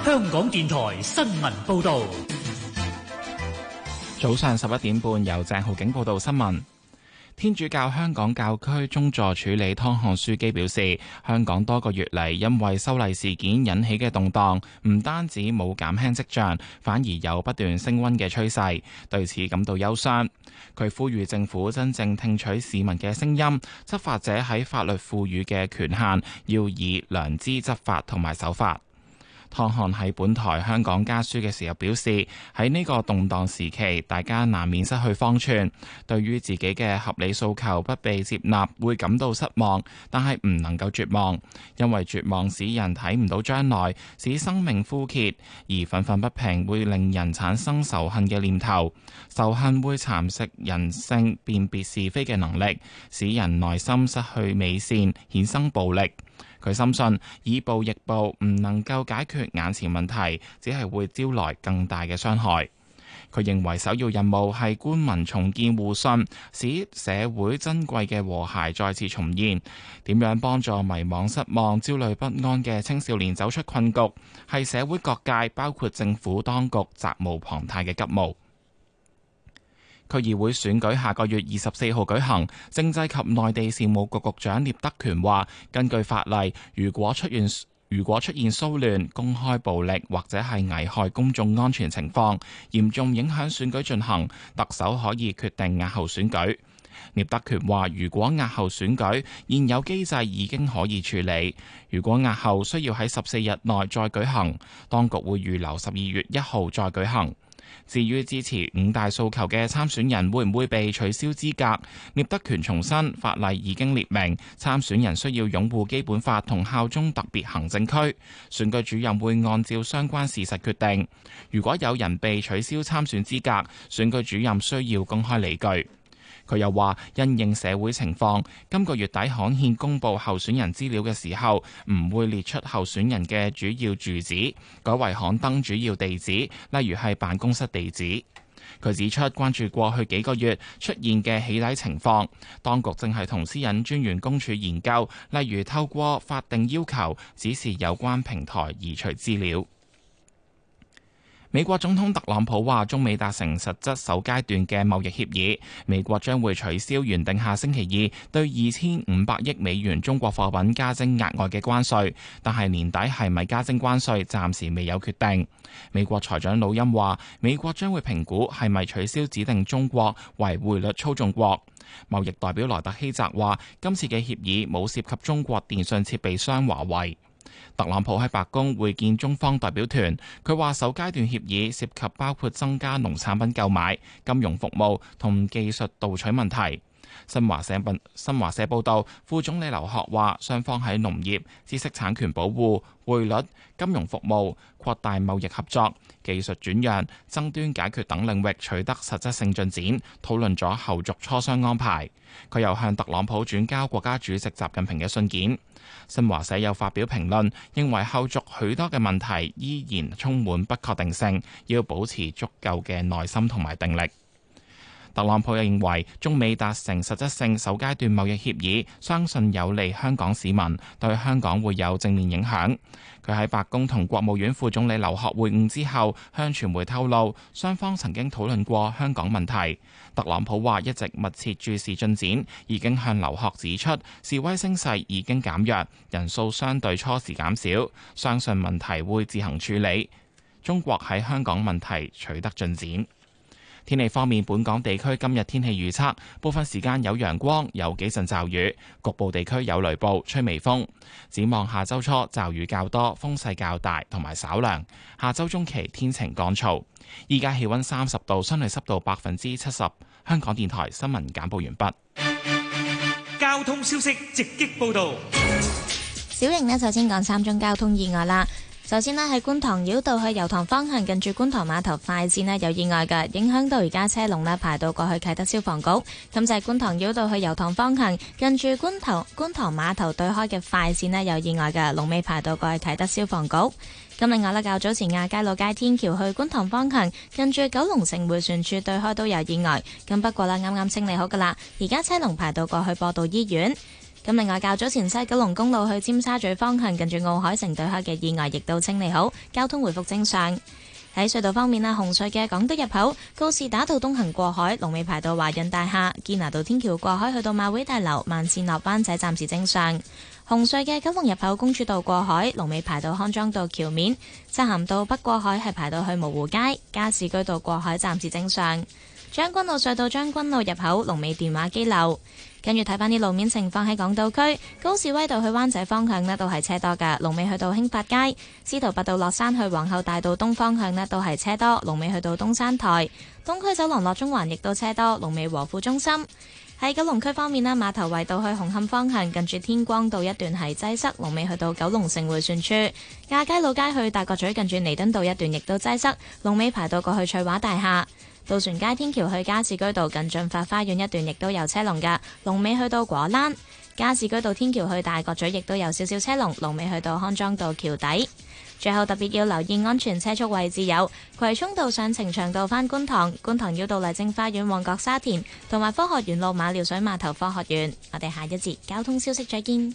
香港電台新聞報道，早上十一點半，由鄭浩景報道新聞。天主教香港教區宗座署理湯漢樞機表示，香港多個月嚟因為修例事件引起嘅動盪，唔單止冇減輕跡象，反而有不斷升溫嘅趨勢，對此感到憂傷。佢呼籲政府真正聽取市民嘅聲音，執法者喺法律賦予嘅權限，要以良知執法同埋守法。湯漢喺本台《香港家書》嘅時候表示，喺呢個動蕩時期，大家難免失去方寸，對於自己嘅合理訴求不被接納，會感到失望，但係唔能夠絕望，因為絕望使人睇唔到將來，使生命枯竭，而憤憤不平會令人產生仇恨嘅念頭，仇恨會蠶食人性辨別是非嘅能力，使人內心失去美善衍生暴力。佢深信以暴易暴唔能夠解決眼前問題，只係會招來更大嘅傷害。佢認為首要任務係官民重建互信，使社會珍貴嘅和諧再次重現，點樣幫助迷惘失望、焦慮不安嘅青少年走出困局，係社會各界包括政府當局責無旁貸嘅急務。區議會選舉下個月二十四號舉行，政制及內地事務局局長聶德權話：根據法例，如果出現如果出現騷亂、公開暴力或者係危害公眾安全情況，嚴重影響選舉進行，特首可以決定押後選舉。聶德權話：如果押後選舉，現有機制已經可以處理。如果押後需要喺十四日內再舉行，當局會預留十二月一號再舉行。至於支持五大訴求嘅參選人會唔會被取消資格？聶德權重申，法例已經列明參選人需要擁護基本法同效忠特別行政區。選舉主任會按照相關事實決定，如果有人被取消參選資格，選舉主任需要公開理據。佢又話：因應社會情況，今個月底刊憲公佈候選人資料嘅時候，唔會列出候選人嘅主要住址，改為刊登主要地址，例如係辦公室地址。佢指出，關注過去幾個月出現嘅起底情況，當局正係同私隱專員公署研究，例如透過法定要求指示有關平台移除資料。美國總統特朗普話中美達成實質首階段嘅貿易協議，美國將會取消原定下星期二對二千五百億美元中國貨品加徵額外嘅關稅，但係年底係咪加徵關稅暫時未有決定。美國財長魯恩話美國將會評估係咪取消指定中國為匯率操縱國。貿易代表萊特希澤話今次嘅協議冇涉及中國電信設備商華為。特朗普喺白宮會見中方代表團，佢話首階段協議涉及包括增加農產品購買、金融服務同技術盜取問題。新華社新華社報道，副總理劉鶴話，雙方喺農業、知識產權保護、匯率、金融服務、擴大貿易合作、技術轉讓、爭端解決等領域取得實質性進展，討論咗後續磋商安排。佢又向特朗普轉交國家主席習近平嘅信件。新華社又發表評論，認為後續許多嘅問題依然充滿不確定性，要保持足夠嘅耐心同埋定力。特朗普又認為中美達成實質性首階段貿易協議，相信有利香港市民，對香港會有正面影響。佢喺白宮同國務院副總理劉鶴會晤之後，向傳媒透露，雙方曾經討論過香港問題。特朗普話一直密切注視進展，已經向劉鶴指出示威聲勢已經減弱，人數相對初時減少，相信問題會自行處理。中國喺香港問題取得進展。天氣方面，本港地區今日天氣預測，部分時間有陽光，有幾陣驟雨，局部地區有雷暴，吹微風。展望下周初，驟雨較多，風勢較大，同埋稍涼。下周中期天晴乾燥。依家氣温三十度，相對濕度百分之七十。香港電台新聞簡報完畢。交通消息直擊報道。小瑩呢，首先講三宗交通意外啦。首先呢，喺觀塘繞道去油塘方向，近住觀塘碼頭快線呢有意外嘅，影響到而家車龍呢排到過去啟德消防局。咁就係觀塘繞道去油塘方向，近住觀塘觀塘碼頭對開嘅快線呢有意外嘅，龍尾排到過去啟德消防局。咁另外呢，較早前亞皆老街天橋去觀塘方向，近住九龍城迴旋處對開都有意外。咁不過呢，啱啱清理好噶啦，而家車龍排到過去播道醫院。咁另外，較早前西九龍公路去尖沙咀方向近住奧海城對開嘅意外亦都清理好，交通回復正常。喺隧道方面咧，紅隧嘅港島入口告士打道東行過海，龍尾排到華潤大廈；堅拿道天橋過海去到馬會大樓，慢線落班仔暫時正常。紅隧嘅九龍入口公主道過海，龍尾排到康莊道橋面；漆咸道北過海係排到去蕪湖街；加士居道過海暫時正常。將軍路隧道將軍路入口，龍尾電話機樓，跟住睇翻啲路面情況喺港島區，高士威道去灣仔方向咧都係車多噶，龍尾去到興發街；司徒拔道落山去皇后大道東方向咧都係車多，龍尾去到東山台；東區走廊落中環亦都車多，龍尾和富中心。喺九龍區方面啦，碼頭圍道去紅磡方向，近住天光道一段係擠塞，龍尾去到九龍城回旋處；亞皆老街去大角咀，近住彌敦道一段亦都擠塞，龍尾排到過去翠華大廈。渡船街天橋去加士居道近駿發花園一段，亦都有車龍噶。龍尾去到果欄，加士居道天橋去大角咀，亦都有少少車龍。龍尾去到康莊道橋底。最後特別要留意安全車速位置有葵涌道上呈祥道，返觀塘，觀塘繞道麗晶花園、旺角、沙田，同埋科學園路馬料水碼頭、科學園。我哋下一節交通消息再見。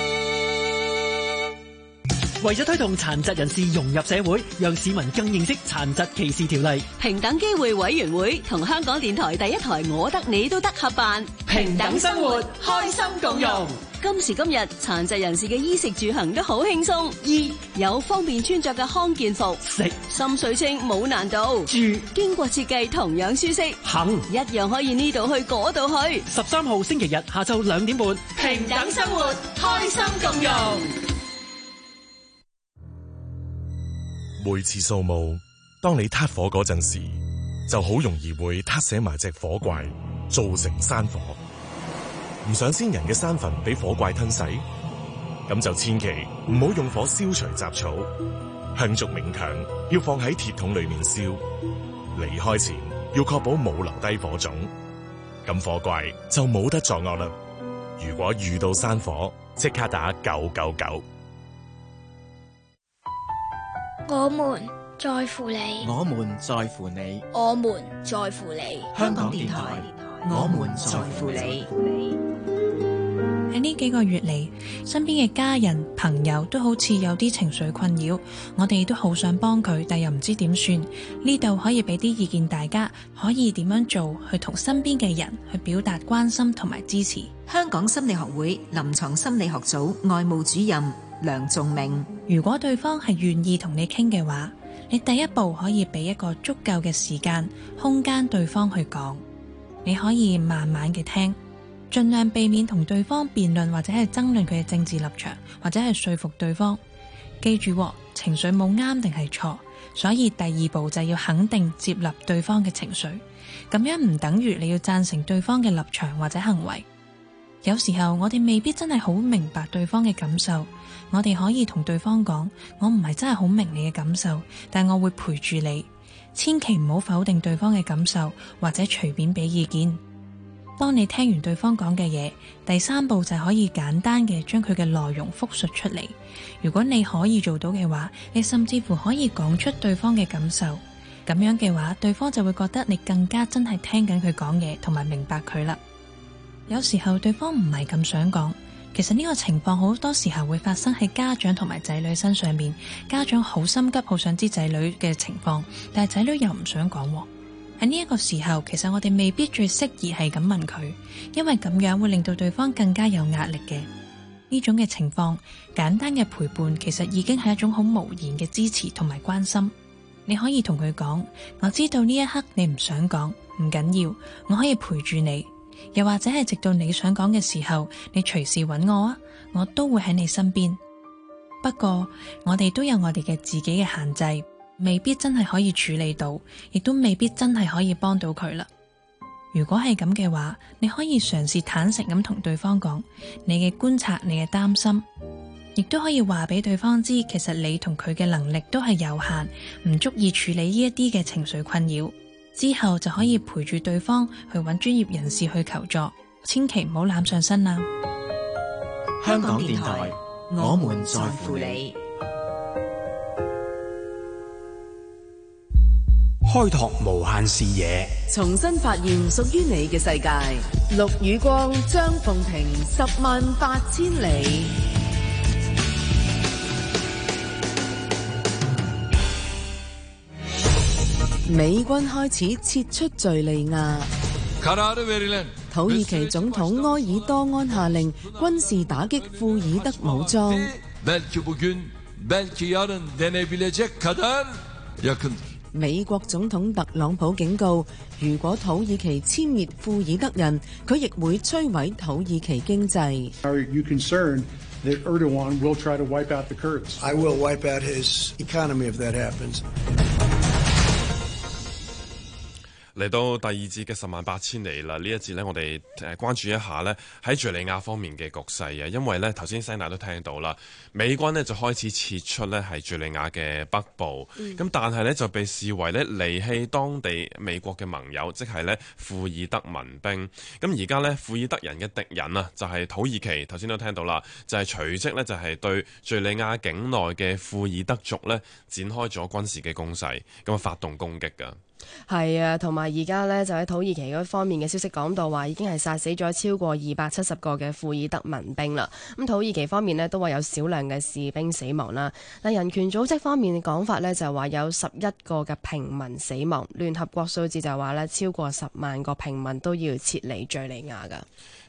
為咗推動殘疾人士融入社會，讓市民更認識《殘疾歧視條例》，平等機會委員會同香港電台第一台我得你都得合辦《平等生活開心共融》。今時今日，殘疾人士嘅衣食住行都好輕鬆。衣 2 有方便穿着嘅康健服，食心水清冇難度，住經過設計同樣舒適，行行一樣可以呢度去嗰度去。十三號星期日下晝兩點半，《平等生活開心共融》。 每次掃墓，當你撻火嗰陣時，就好容易會撻寫埋隻火怪，造成山火。唔想先人嘅山墳俾火怪吞噬，咁就千祈唔好用火燒除雜草，香燭冥鏹要放喺鐵桶裏面燒。離開前要確保冇留低火種，咁火怪就冇得作惡啦。如果遇到山火，即刻打九九九。我們在乎你，我們在乎你，我們在乎你。香港電台，我們在乎你。喺呢幾個月嚟，身邊嘅家人朋友都好似有啲情緒困擾，我哋都好想幫佢，但又唔知點算。呢度可以俾啲意見，大家可以點樣做去同身邊嘅人去表達關心同埋支持。香港心理學會臨床心理學組外務主任，梁仲明。如果對方係願意同你傾嘅話，你第一步可以俾一個足夠嘅時間空間對方去講，你可以慢慢嘅聽，盡量避免同對方辯論或者係爭論佢嘅政治立場或者係說服對方。記住，情緒冇啱定係錯，所以第二步就要肯定接納對方嘅情緒，咁樣唔等於你要贊成對方嘅立場或者行為。有時候我哋未必真係好明白對方嘅感受。我哋可以同對方講，我唔係真係好明你嘅感受，但我會陪住你。千祈唔好否定對方嘅感受，或者隨便俾意見。當你聽完對方講嘅嘢，第三步就可以簡單嘅將佢嘅內容複述出嚟。如果你可以做到嘅話，你甚至乎可以講出對方嘅感受。咁樣嘅話，對方就會覺得你更加真係聽緊佢講嘢，同埋明白佢啦。有時候對方唔係咁想講。其實呢個情況好多時候會發生喺家長同埋仔女身上面，家長好心急，好想知仔女嘅情況，但係仔女又唔想講喎。喺呢一個時候，其實我哋未必最適宜係咁問佢，因為咁樣會令到對方更加有壓力嘅。呢種嘅情況，簡單嘅陪伴其實已經係一種好無言嘅支持同埋關心。你可以同佢講，我知道呢一刻你唔想講，唔緊要，我可以陪住你。又或者係直到你想講嘅時候，你隨時搵我啊，我都會喺你身邊。不過我哋都有我哋嘅自己嘅限制，未必真係可以處理到，亦都未必真係可以幫到佢啦。如果係咁嘅話，你可以嘗試坦誠咁同對方講你嘅觀察、你嘅擔心，亦都可以話俾對方知，其實你同佢嘅能力都係有限，唔足以處理呢一啲嘅情緒困擾。之後就可以陪住對方去揾專業人士去求助，千祈唔好攬上身啊！香港電台，我們在乎你，開拓無限視野，重新發現屬於你嘅世界。陸宇光、張鳳庭十萬八千里。美軍開始撤出敍利亞，土耳其總統埃爾多安下令軍事打擊庫爾德武裝。美國總統特朗普警告，如果土耳其殲滅庫爾德人，佢亦會摧毀土耳其經濟。嚟到第二節嘅十萬八千里啦！呢一節呢，我哋誒關注一下呢喺敘利亞方面嘅局勢啊，因為呢頭先 Senna 都聽到啦，美軍呢就開始撤出呢係敘利亞嘅北部，咁、嗯、但係呢，就被視為呢離棄當地美國嘅盟友，即係呢庫爾德民兵。咁而家呢，庫爾德人嘅敵人啊，就係土耳其。頭先都聽到啦，就係、是、隨即呢，就係對敘利亞境內嘅庫爾德族呢展開咗軍事嘅攻勢，咁啊發動攻擊㗎。係啊，同埋而家咧就喺土耳其嗰方面嘅消息，講到話已經係殺死咗超過二百七十個嘅庫爾德民兵啦。咁土耳其方面呢，都話有少量嘅士兵死亡啦。但人權組織方面嘅講法呢，就係話有十一個嘅平民死亡。聯合國數字就話呢，超過十萬個平民都要撤離敘利亞噶。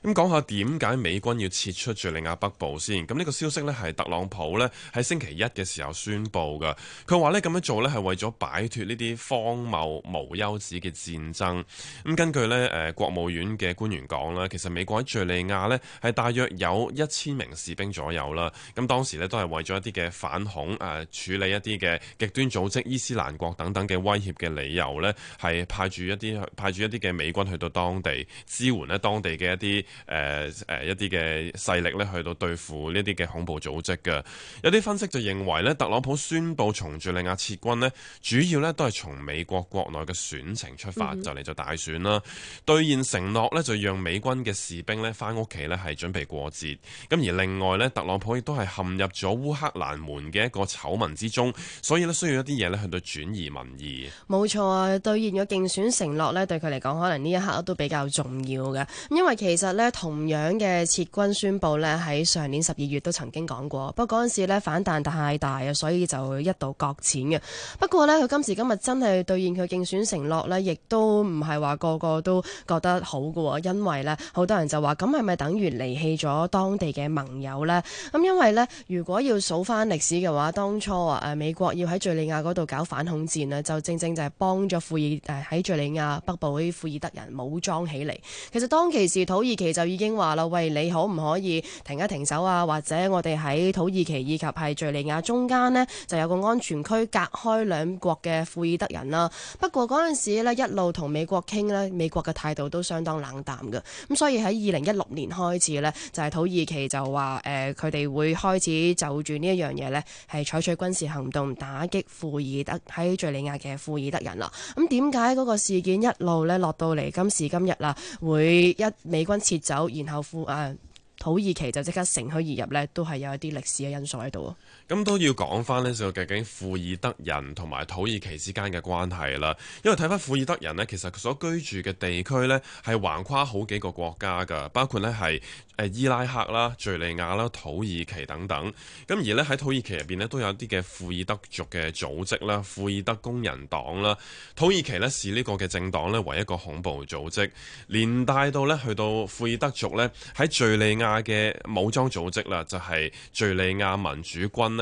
咁講下點解美軍要撤出敍利亞北部先？咁呢個消息呢，係特朗普呢喺星期一嘅時候宣布嘅。佢話呢，咁樣做呢係為咗擺脱呢啲荒謬無休止嘅戰爭。咁根據呢誒國務院嘅官員講啦，其實美國喺敍利亞呢係大約有一千名士兵左右啦。咁當時呢，都係為咗一啲嘅反恐誒處理一啲嘅極端組織伊斯蘭國等等嘅威脅嘅理由呢，係派住一啲派住一啲嘅美軍去到當地支援呢當地嘅一啲。誒誒、呃呃、一啲嘅勢力咧，去到對付呢啲嘅恐怖組織嘅。有啲分析就認為咧，特朗普宣布從敍利亞撤軍咧，主要咧都係從美國國內嘅選情出發，嗯、哼就嚟做大選啦。兌現承諾咧，就讓美軍嘅士兵咧翻屋企咧係準備過節。咁而另外咧，特朗普亦都係陷入咗烏克蘭門嘅一個醜聞之中，所以咧需要一啲嘢咧去到轉移民意。冇錯啊，兌現個競選承諾咧，對佢嚟講可能呢一刻都比較重要嘅，因為其實咧。同樣嘅撤軍宣佈呢，喺上年十二月都曾經講過，不過嗰陣時呢反彈太大啊，所以就一度擱淺嘅。不過呢，佢今時今日真係兌現佢競選承諾呢，亦都唔係話個個都覺得好嘅，因為呢，好多人就話咁係咪等於離棄咗當地嘅盟友呢？咁因為呢，如果要數返歷史嘅話，當初啊誒、呃、美國要喺敘利亞嗰度搞反恐戰呢，就正正就係幫咗庫爾喺敘利亞北部啲庫爾德人武裝起嚟。其實當其時土耳其。就已經話啦，喂，你可唔可以停一停手啊？或者我哋喺土耳其以及係敘利亞中間咧，就有個安全區隔開兩國嘅庫爾德人啦。不過陣時咧，一路同美國傾咧，美國嘅態度都相當冷淡嘅。咁、嗯、所以喺二零一六年開始咧，就係、是、土耳其就話誒，佢、呃、哋會開始就住呢一樣嘢咧，係採取軍事行動打擊庫爾德喺敘利亞嘅庫爾德人啦。咁點解嗰個事件一路咧落到嚟今時今日啦？會一美軍撤走，然後附、啊、土耳其就即刻乘虛而入，呢都係有一啲歷史嘅因素喺度。咁都要講翻咧，就究竟庫爾德人同埋土耳其之間嘅關係啦。因為睇翻庫爾德人咧，其實佢所居住嘅地區咧，係橫跨好幾個國家噶，包括咧，係誒伊拉克啦、敘利亞啦、土耳其等等。咁而咧，喺土耳其入邊咧，都有一啲嘅庫爾德族嘅組織啦，庫爾德工人黨啦。土耳其咧，視呢個嘅政黨咧，為一個恐怖組織，連帶到咧，去到庫爾德族咧，喺敘利亞嘅武裝組織啦，就係敘利亞民主軍啦。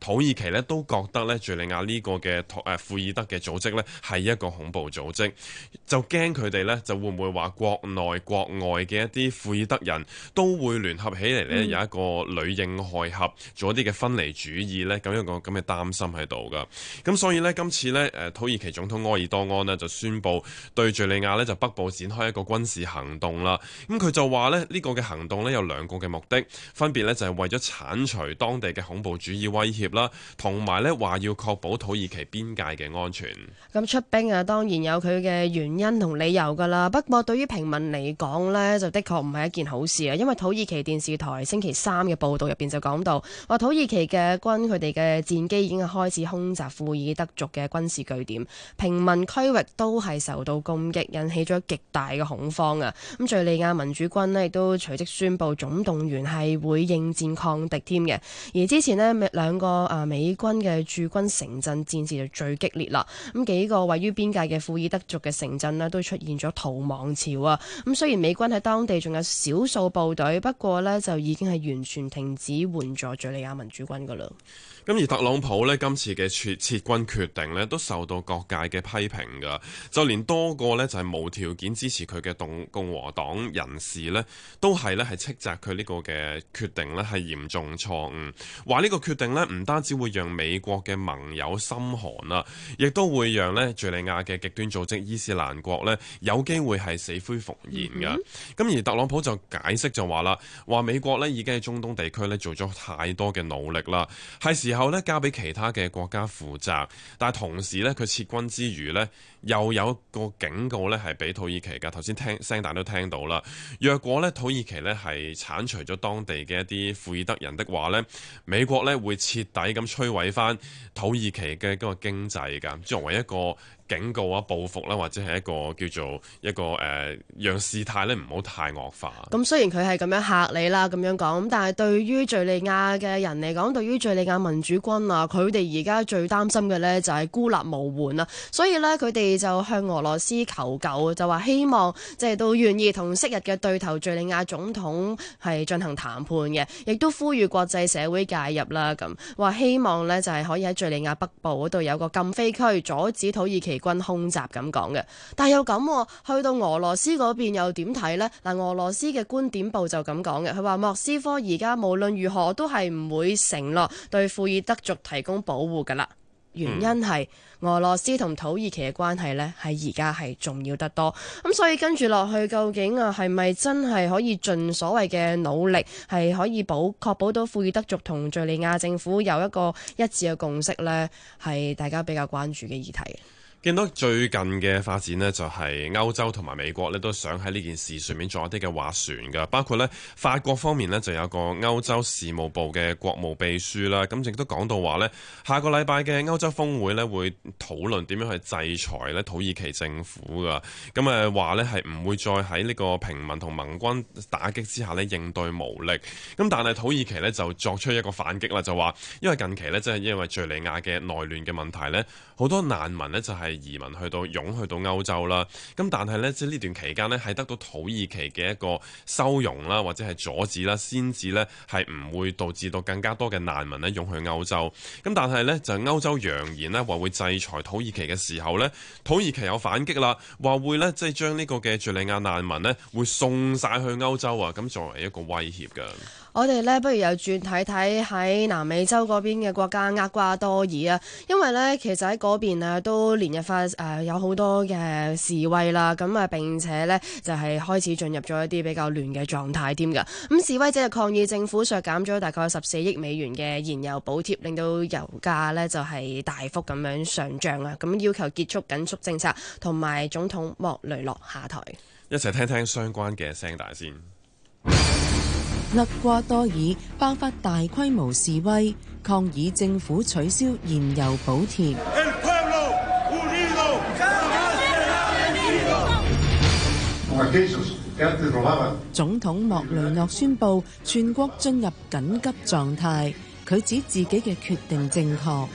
土耳其咧都覺得咧敘利亞呢個嘅誒庫爾德嘅組織咧係一個恐怖組織，就驚佢哋咧就會唔會話國內國外嘅一啲庫爾德人都會聯合起嚟，咧有一個裏應外合做一啲嘅分離主義咧，咁一個咁嘅擔心喺度噶，咁所以咧今次咧誒土耳其總統埃爾多安咧就宣布對敘利亞咧就北部展開一個軍事行動啦，咁佢就話咧呢、呢個嘅行動咧有兩個嘅目的，分別咧就係、是、為咗鏟除當地嘅恐怖主義威，威脅。啦，同埋咧話要確保土耳其邊界嘅安全。咁出兵啊，當然有佢嘅原因同理由噶啦。不過對於平民嚟講呢，就的確唔係一件好事啊。因為土耳其電視台星期三嘅報導入邊就講到，話土耳其嘅軍佢哋嘅戰機已經開始空襲庫爾德族嘅軍事據點，平民區域都係受到攻擊，引起咗極大嘅恐慌啊。咁、嗯、敍利亞民主軍呢，亦都隨即宣布總動員，係會應戰抗敵添嘅。而之前呢，兩個。啊！美軍嘅駐軍城鎮戰事就最激烈啦。咁幾個位於邊界嘅庫爾德族嘅城鎮呢，都出現咗逃亡潮啊。咁雖然美軍喺當地仲有少數部隊，不過呢就已經係完全停止援助敘利亞民主軍㗎喇。咁而特朗普咧今次嘅撤撤軍決定咧，都受到各界嘅批評噶，就連多個咧就係、是、無條件支持佢嘅動共和黨人士咧，都係咧係斥責佢呢個嘅決定咧係嚴重錯誤，話呢個決定咧唔單止會讓美國嘅盟友心寒啊，亦都會讓咧敘利亞嘅極端組織伊斯蘭國咧有機會係死灰復燃噶。咁、嗯、而特朗普就解釋就話啦，話美國咧已經喺中東地區咧做咗太多嘅努力啦，係時。然後咧交俾其他嘅國家負責，但係同時咧佢撤軍之餘咧，又有一個警告咧係俾土耳其噶。頭先聽聲大都聽到啦。若果咧土耳其咧係鏟除咗當地嘅一啲庫爾德人的話咧，美國咧會徹底咁摧毀翻土耳其嘅嗰個經濟噶。作為一個警告啊，報復啦，或者係一個叫做一個誒、呃、讓事態咧唔好太惡化。咁雖然佢係咁樣吓你啦，咁樣講，但係對於敘利亞嘅人嚟講，對於敘利亞民主軍啊，佢哋而家最擔心嘅咧就係孤立無援啊，所以咧佢哋就向俄羅斯求救，就話希望即係都願意同昔日嘅對頭敘利亞總統係進行談判嘅，亦都呼籲國際社會介入啦。咁話希望咧就係可以喺敘利亞北部嗰度有個禁飛區，阻止土耳其。軍空襲咁講嘅，但係又咁、啊、去到俄羅斯嗰邊又點睇呢？嗱，俄羅斯嘅觀點部就咁講嘅，佢話莫斯科而家無論如何都係唔會承諾對庫爾德族提供保護噶啦。原因係俄羅斯同土耳其嘅關係呢係而家係重要得多咁，所以跟住落去，究竟啊係咪真係可以盡所謂嘅努力，係可以保確保到庫爾德族同敘利亞政府有一個一致嘅共識呢？係大家比較關注嘅議題。見到最近嘅發展呢就係、是、歐洲同埋美國呢都想喺呢件事上面做一啲嘅斡旋噶，包括呢，法國方面呢就有個歐洲事務部嘅國務秘書啦，咁、啊、亦都講到話呢下個禮拜嘅歐洲峰會呢會討論點樣去制裁呢土耳其政府噶，咁誒話呢係唔會再喺呢個平民同盟軍打擊之下呢應對無力。咁、啊、但係土耳其呢就作出一個反擊啦，就話因為近期呢，即、就、係、是、因為敍利亞嘅內亂嘅問題呢，好多難民呢就係、是。移民去到湧去到歐洲啦，咁但係呢，即係呢段期間呢，係得到土耳其嘅一個收容啦，或者係阻止啦，先至呢，係唔會導致到更加多嘅難民呢湧去歐洲。咁但係呢，就歐洲揚言呢話會制裁土耳其嘅時候呢，土耳其有反擊啦，話會呢，即係將呢個嘅敘利亞難民呢，會送晒去歐洲啊，咁作為一個威脅嘅。我哋咧，不如又轉睇睇喺南美洲嗰邊嘅國家厄瓜多爾啊，因為咧其實喺嗰邊啊都連日發誒有好多嘅示威啦，咁啊並且咧就係開始進入咗一啲比較亂嘅狀態添噶。咁示威者抗議政府削減咗大概十四億美元嘅燃油補貼，令到油價咧就係大幅咁樣上漲啊！咁要求結束緊縮政策同埋總統莫雷諾下台。一齊聽聽相關嘅聲帶先。 厄瓜多爾爆發大規模示威，抗議政府取消燃油補貼。總統莫雷諾宣佈全國進入緊急狀態，佢指自己嘅決定正確。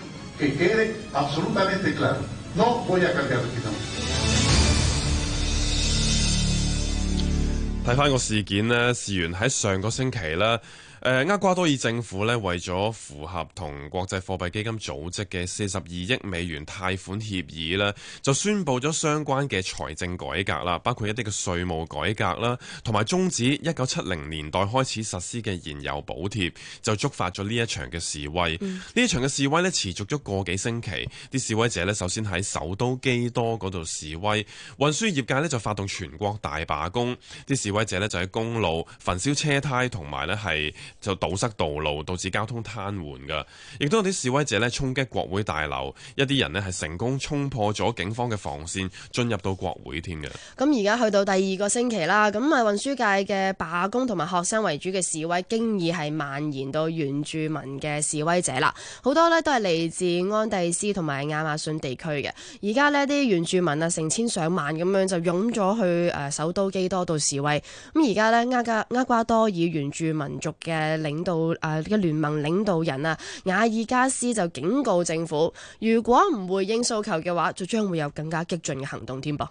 睇翻個事件咧，事源喺上個星期啦。呃、厄瓜多爾政府咧，為咗符合同國際貨幣基金組織嘅四十二億美元貸款協議咧，就宣布咗相關嘅財政改革啦，包括一啲嘅稅務改革啦，同埋終止一九七零年代開始實施嘅燃油補貼，就觸發咗呢一場嘅示威。呢一、嗯、場嘅示威咧，持續咗個幾星期。啲示威者咧，首先喺首都基多嗰度示威，運輸業界咧就發動全國大罷工。啲示威者咧就喺公路焚燒車胎，同埋咧係。呢呢呢呢呢呢呢呢就堵塞道路，導致交通癱瘓噶。亦都有啲示威者咧衝擊國會大樓，一啲人咧係成功衝破咗警方嘅防線，進入到國會添嘅。咁而家去到第二個星期啦，咁咪運輸界嘅罷工同埋學生為主嘅示威，經已係蔓延到原住民嘅示威者啦。好多呢都係嚟自安第斯同埋亞馬遜地區嘅。而家呢啲原住民啊，成千上萬咁樣就湧咗去誒首都基多度示威。咁而家呢，厄瓜厄瓜多爾原住民族嘅誒，領導誒嘅聯盟領導人啊，瓦爾加斯就警告政府，如果唔回應訴求嘅話，就將會有更加激進嘅行動添噃。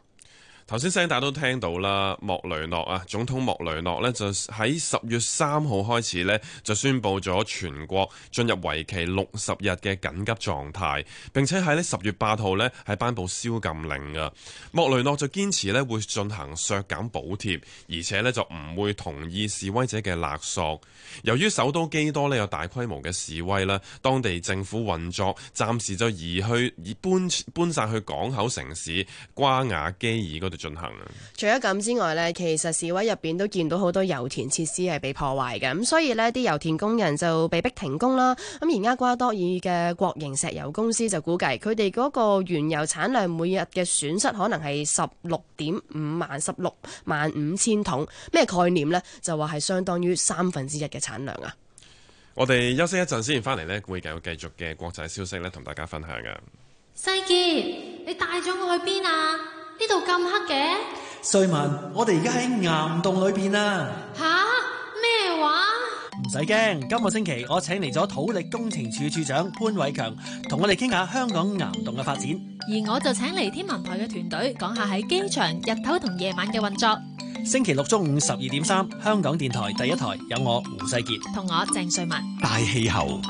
頭先聲帶都聽到啦，莫雷諾啊，總統莫雷諾呢，就喺十月三號開始呢，就宣布咗全國進入為期六十日嘅緊急狀態，並且喺呢十月八號呢，係頒布宵禁令啊。莫雷諾就堅持呢，會進行削減補貼，而且呢，就唔會同意示威者嘅勒索。由於首都基多呢有大規模嘅示威啦，當地政府運作暫時就移去，以搬搬晒去港口城市瓜瓦基爾進行啦。除咗咁之外呢，其實示威入邊都見到好多油田設施係被破壞嘅，咁所以呢啲油田工人就被逼停工啦。咁而家厄瓜多爾嘅國營石油公司就估計，佢哋嗰個原油產量每日嘅損失可能係十六點五萬十六萬五千桶，咩概念呢？就話係相當於三分之一嘅產量啊！我哋休息一陣先，翻嚟呢會繼續嘅國際消息呢，同大家分享㗎。西杰，你帶咗我去邊啊？呢度咁黑嘅，瑞文，我哋而家喺岩洞裏邊啦。吓，咩話？唔使驚，今個星期我請嚟咗土力工程處處長潘偉強，同我哋傾下香港岩洞嘅發展。而我就請嚟天文台嘅團隊，講下喺機場日頭同夜晚嘅運作。星期六中午十二點三，香港電台第一台有我胡世杰同我鄭瑞文。大氣候。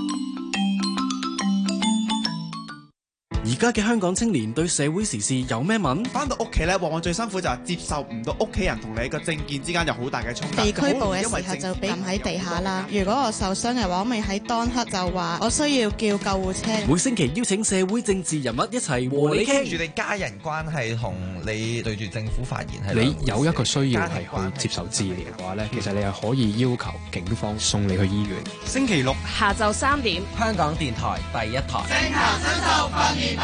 而家嘅香港青年對社會時事有咩問？翻到屋企咧，往往最辛苦就係接受唔到屋企人同你個政見之間有好大嘅衝突。被拘捕嘅時候就俾人喺地下啦。如果我受傷嘅話，我未喺當刻就話我需要叫救護車。每星期邀請社會政治人物一齊和你傾。住你，你家人關係同你對住政府發言係。你有一個需要係去接受治療嘅話咧，關係關係其實你係、嗯、可以要求警方送你去醫院。嗯、星期六下晝三點，香港電台第一台。政壇新秀發言。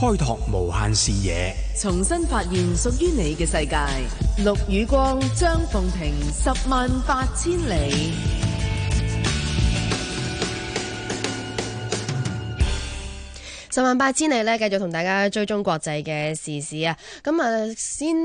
開拓無限視野，重新發現屬於你嘅世界。陸宇光張鳳平，十萬八千里。十萬八千里咧，繼續同大家追蹤國際嘅時事啊！咁啊，先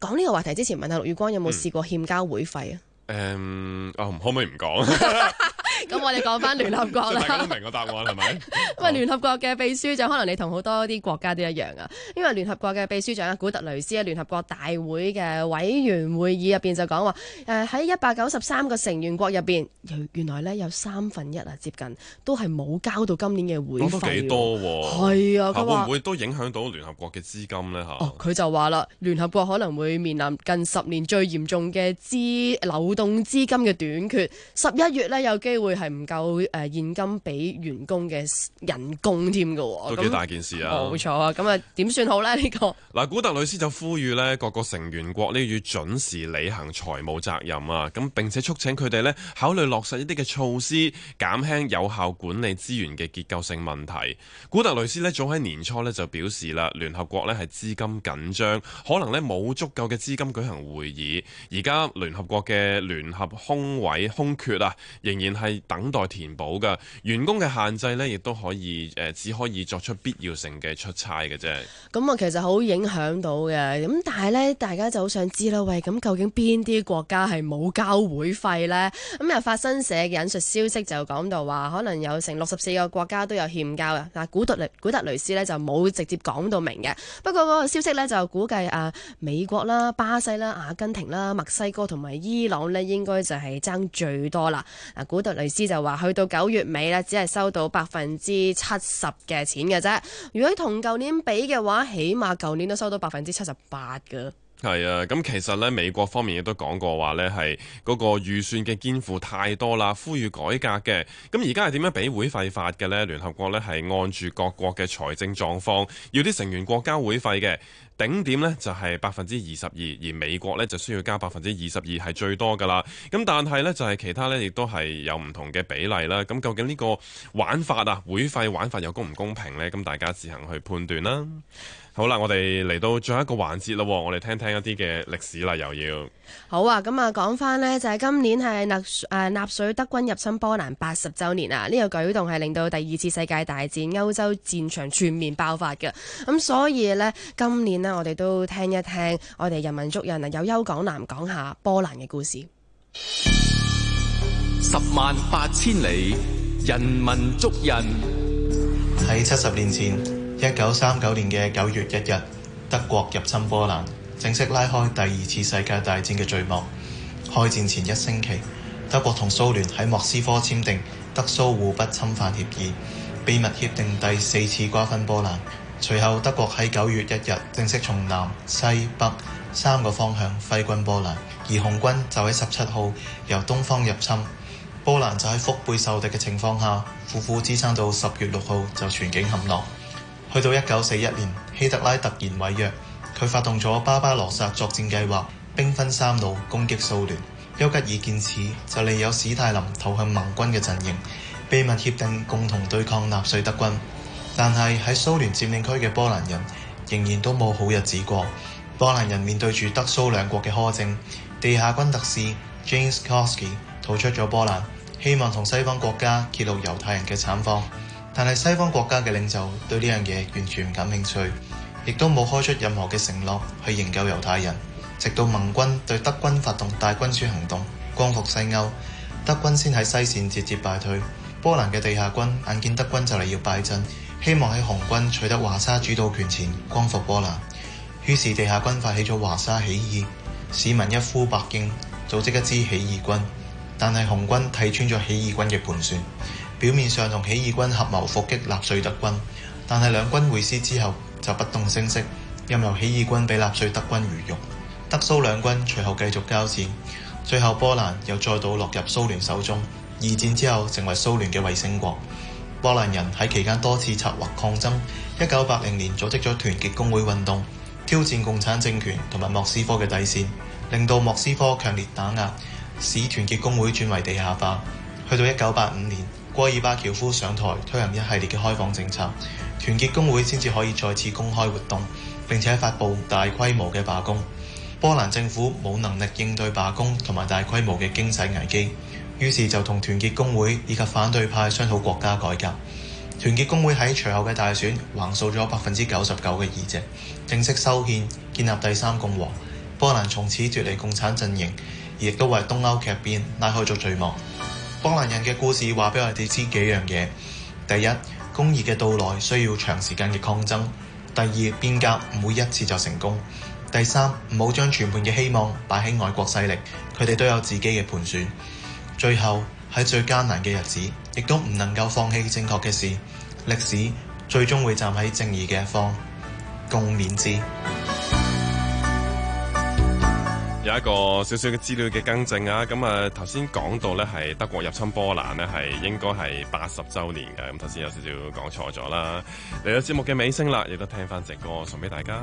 講呢個話題之前，問下陸宇光有冇試過欠交會費啊？誒、嗯，啊、嗯，可唔可以唔講？ 咁我哋講翻聯合國啦，明個答案係咪？咁啊， 哦、聯合國嘅秘書長可能你同好多啲國家都一樣啊，因為聯合國嘅秘書長古特雷斯喺聯合國大會嘅委員會議入邊就講話，誒喺一百九十三個成員國入邊，原原來呢有三分一啊，接近都係冇交到今年嘅會費，應該幾多喎？係啊，佢會唔會都影響到聯合國嘅資金呢？吓、哦，佢就話啦，聯合國可能會面臨近十年最嚴重嘅資流動資金嘅短缺。十一月呢，有機會。係唔夠誒現金俾員工嘅人工添噶，都幾大件事啊！冇錯啊，咁啊點算好呢？呢個嗱，古特雷斯就呼籲咧，各個成員國呢要準時履行財務責任啊！咁並且促請佢哋咧，考慮落實一啲嘅措施，減輕有效管理資源嘅結構性問題。古特雷斯呢早喺年初呢就表示啦，聯合國咧係資金緊張，可能呢冇足夠嘅資金舉行會議。而家聯合國嘅聯合空位空缺啊，仍然係。等待填補嘅員工嘅限制呢亦都可以誒、呃，只可以作出必要性嘅出差嘅啫。咁啊，其實好影響到嘅。咁但係呢，大家就好想知啦，喂，咁究竟邊啲國家係冇交會費呢？咁又法新社引述消息就講到話，可能有成六十四個國家都有欠交嘅。嗱，古特雷古特雷斯呢就冇直接講到明嘅。不過嗰個消息呢，就估計啊，美國啦、巴西啦、阿根廷啦、墨西哥同埋伊朗呢，應該就係爭最多啦。嗱、啊，古特雷律師就話：去到九月尾咧，只係收到百分之七十嘅錢嘅啫。如果同舊年比嘅話，起碼舊年都收到百分之七十八嘅。係啊，咁其實咧美國方面亦都講過話咧，係嗰個預算嘅肩負太多啦，呼籲改革嘅。咁而家係點樣俾會費法嘅呢？聯合國咧係按住各國嘅財政狀況，要啲成員國交會費嘅頂點呢就係百分之二十二，而美國呢就需要加百分之二十二係最多噶啦。咁但係呢，就係其他呢亦都係有唔同嘅比例啦。咁究竟呢個玩法啊會費玩法有公唔公平呢？咁大家自行去判斷啦。好啦，我哋嚟到最後一個環節咯，我哋聽聽一啲嘅歷史啦，又要好啊！咁啊，講翻呢就係、是、今年係納納粹德軍入侵波蘭八十周年啊！呢、這個舉動係令到第二次世界大戰歐洲戰場全面爆發嘅，咁、嗯、所以呢，今年呢，我哋都聽一聽我哋人民族人啊有優講南講下波蘭嘅故事。十萬八千里，人民族人喺七十年前。一九三九年嘅九月一日，德國入侵波蘭，正式拉開第二次世界大戰嘅序幕。開戰前一星期，德國同蘇聯喺莫斯科簽訂德蘇互不侵犯協議，秘密協定第四次瓜分波蘭。隨後，德國喺九月一日正式從南、西、北三個方向揮軍波蘭，而紅軍就喺十七號由東方入侵，波蘭就喺腹背受敵嘅情況下，苦苦支撐到十月六號就全境陷落。去到一九四一年，希特拉突然毀約，佢發動咗巴巴羅薩作戰計劃，兵分三路攻擊蘇聯。丘吉爾見此，就利用史泰林投向盟軍嘅陣營，秘密協定共同對抗納粹德軍。但係喺蘇聯佔領區嘅波蘭人，仍然都冇好日子過。波蘭人面對住德蘇兩國嘅苛政，地下軍特使 James Koski 逃出咗波蘭，希望同西方國家揭露猶太人嘅慘況。但係西方國家嘅領袖對呢樣嘢完全唔感興趣，亦都冇開出任何嘅承諾去營救猶太人。直到盟軍對德軍發動大軍事行動，光復西歐，德軍先喺西線節節敗退。波蘭嘅地下軍眼見德軍就嚟要敗陣，希望喺紅軍取得華沙主導權前光復波蘭，於是地下軍發起咗華沙起義，市民一呼百應，組織一支起義軍。但係紅軍睇穿咗起義軍嘅盤算。表面上同起義軍合謀伏擊納粹德軍，但係兩軍會師之後就不動聲色，任由起義軍被納粹德軍魚肉。德蘇兩軍隨後繼續交戰，最後波蘭又再度落入蘇聯手中。二戰之後，成為蘇聯嘅衛星國。波蘭人喺期間多次策劃抗爭，一九八零年組織咗團結工會運動，挑戰共產政權同埋莫斯科嘅底線，令到莫斯科強烈打壓，使團結工會轉為地下化。去到一九八五年。戈爾巴喬夫上台推行一系列嘅開放政策，團結工會先至可以再次公開活動，並且發佈大規模嘅罷工。波蘭政府冇能力應對罷工同埋大規模嘅經濟危機，於是就同團結工會以及反對派商討國家改革。團結工會喺隨後嘅大選橫掃咗百分之九十九嘅議席，正式修憲建立第三共和。波蘭從此脱離共產陣營，而亦都為東歐劇變拉開咗序幕。波蘭人嘅故事話俾我哋知幾樣嘢：第一，公義嘅到來需要長時間嘅抗爭；第二，變革唔會一次就成功；第三，唔好將全盤嘅希望擺喺外國勢力，佢哋都有自己嘅盤算。最後，喺最艱難嘅日子，亦都唔能夠放棄正確嘅事，歷史最終會站喺正義嘅一方，共勉之。有一個少少嘅資料嘅更正啊，咁啊頭先講到咧係德國入侵波蘭呢，係應該係八十週年嘅，咁頭先有少少講錯咗啦。嚟到節目嘅尾聲啦，亦都聽翻隻歌送俾大家。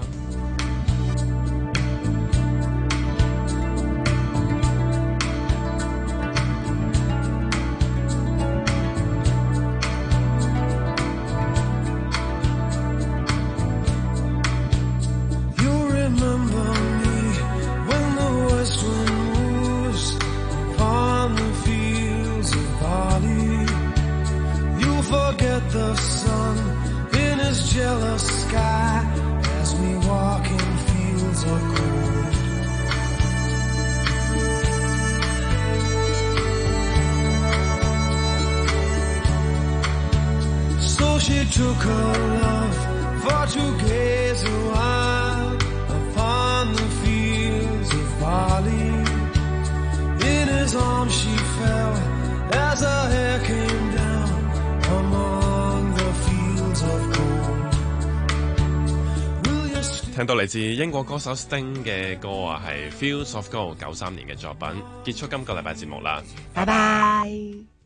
嗰首 Sting 嘅歌啊，係 Fields of Gold 九三年嘅作品，結束今個禮拜節目啦，拜拜。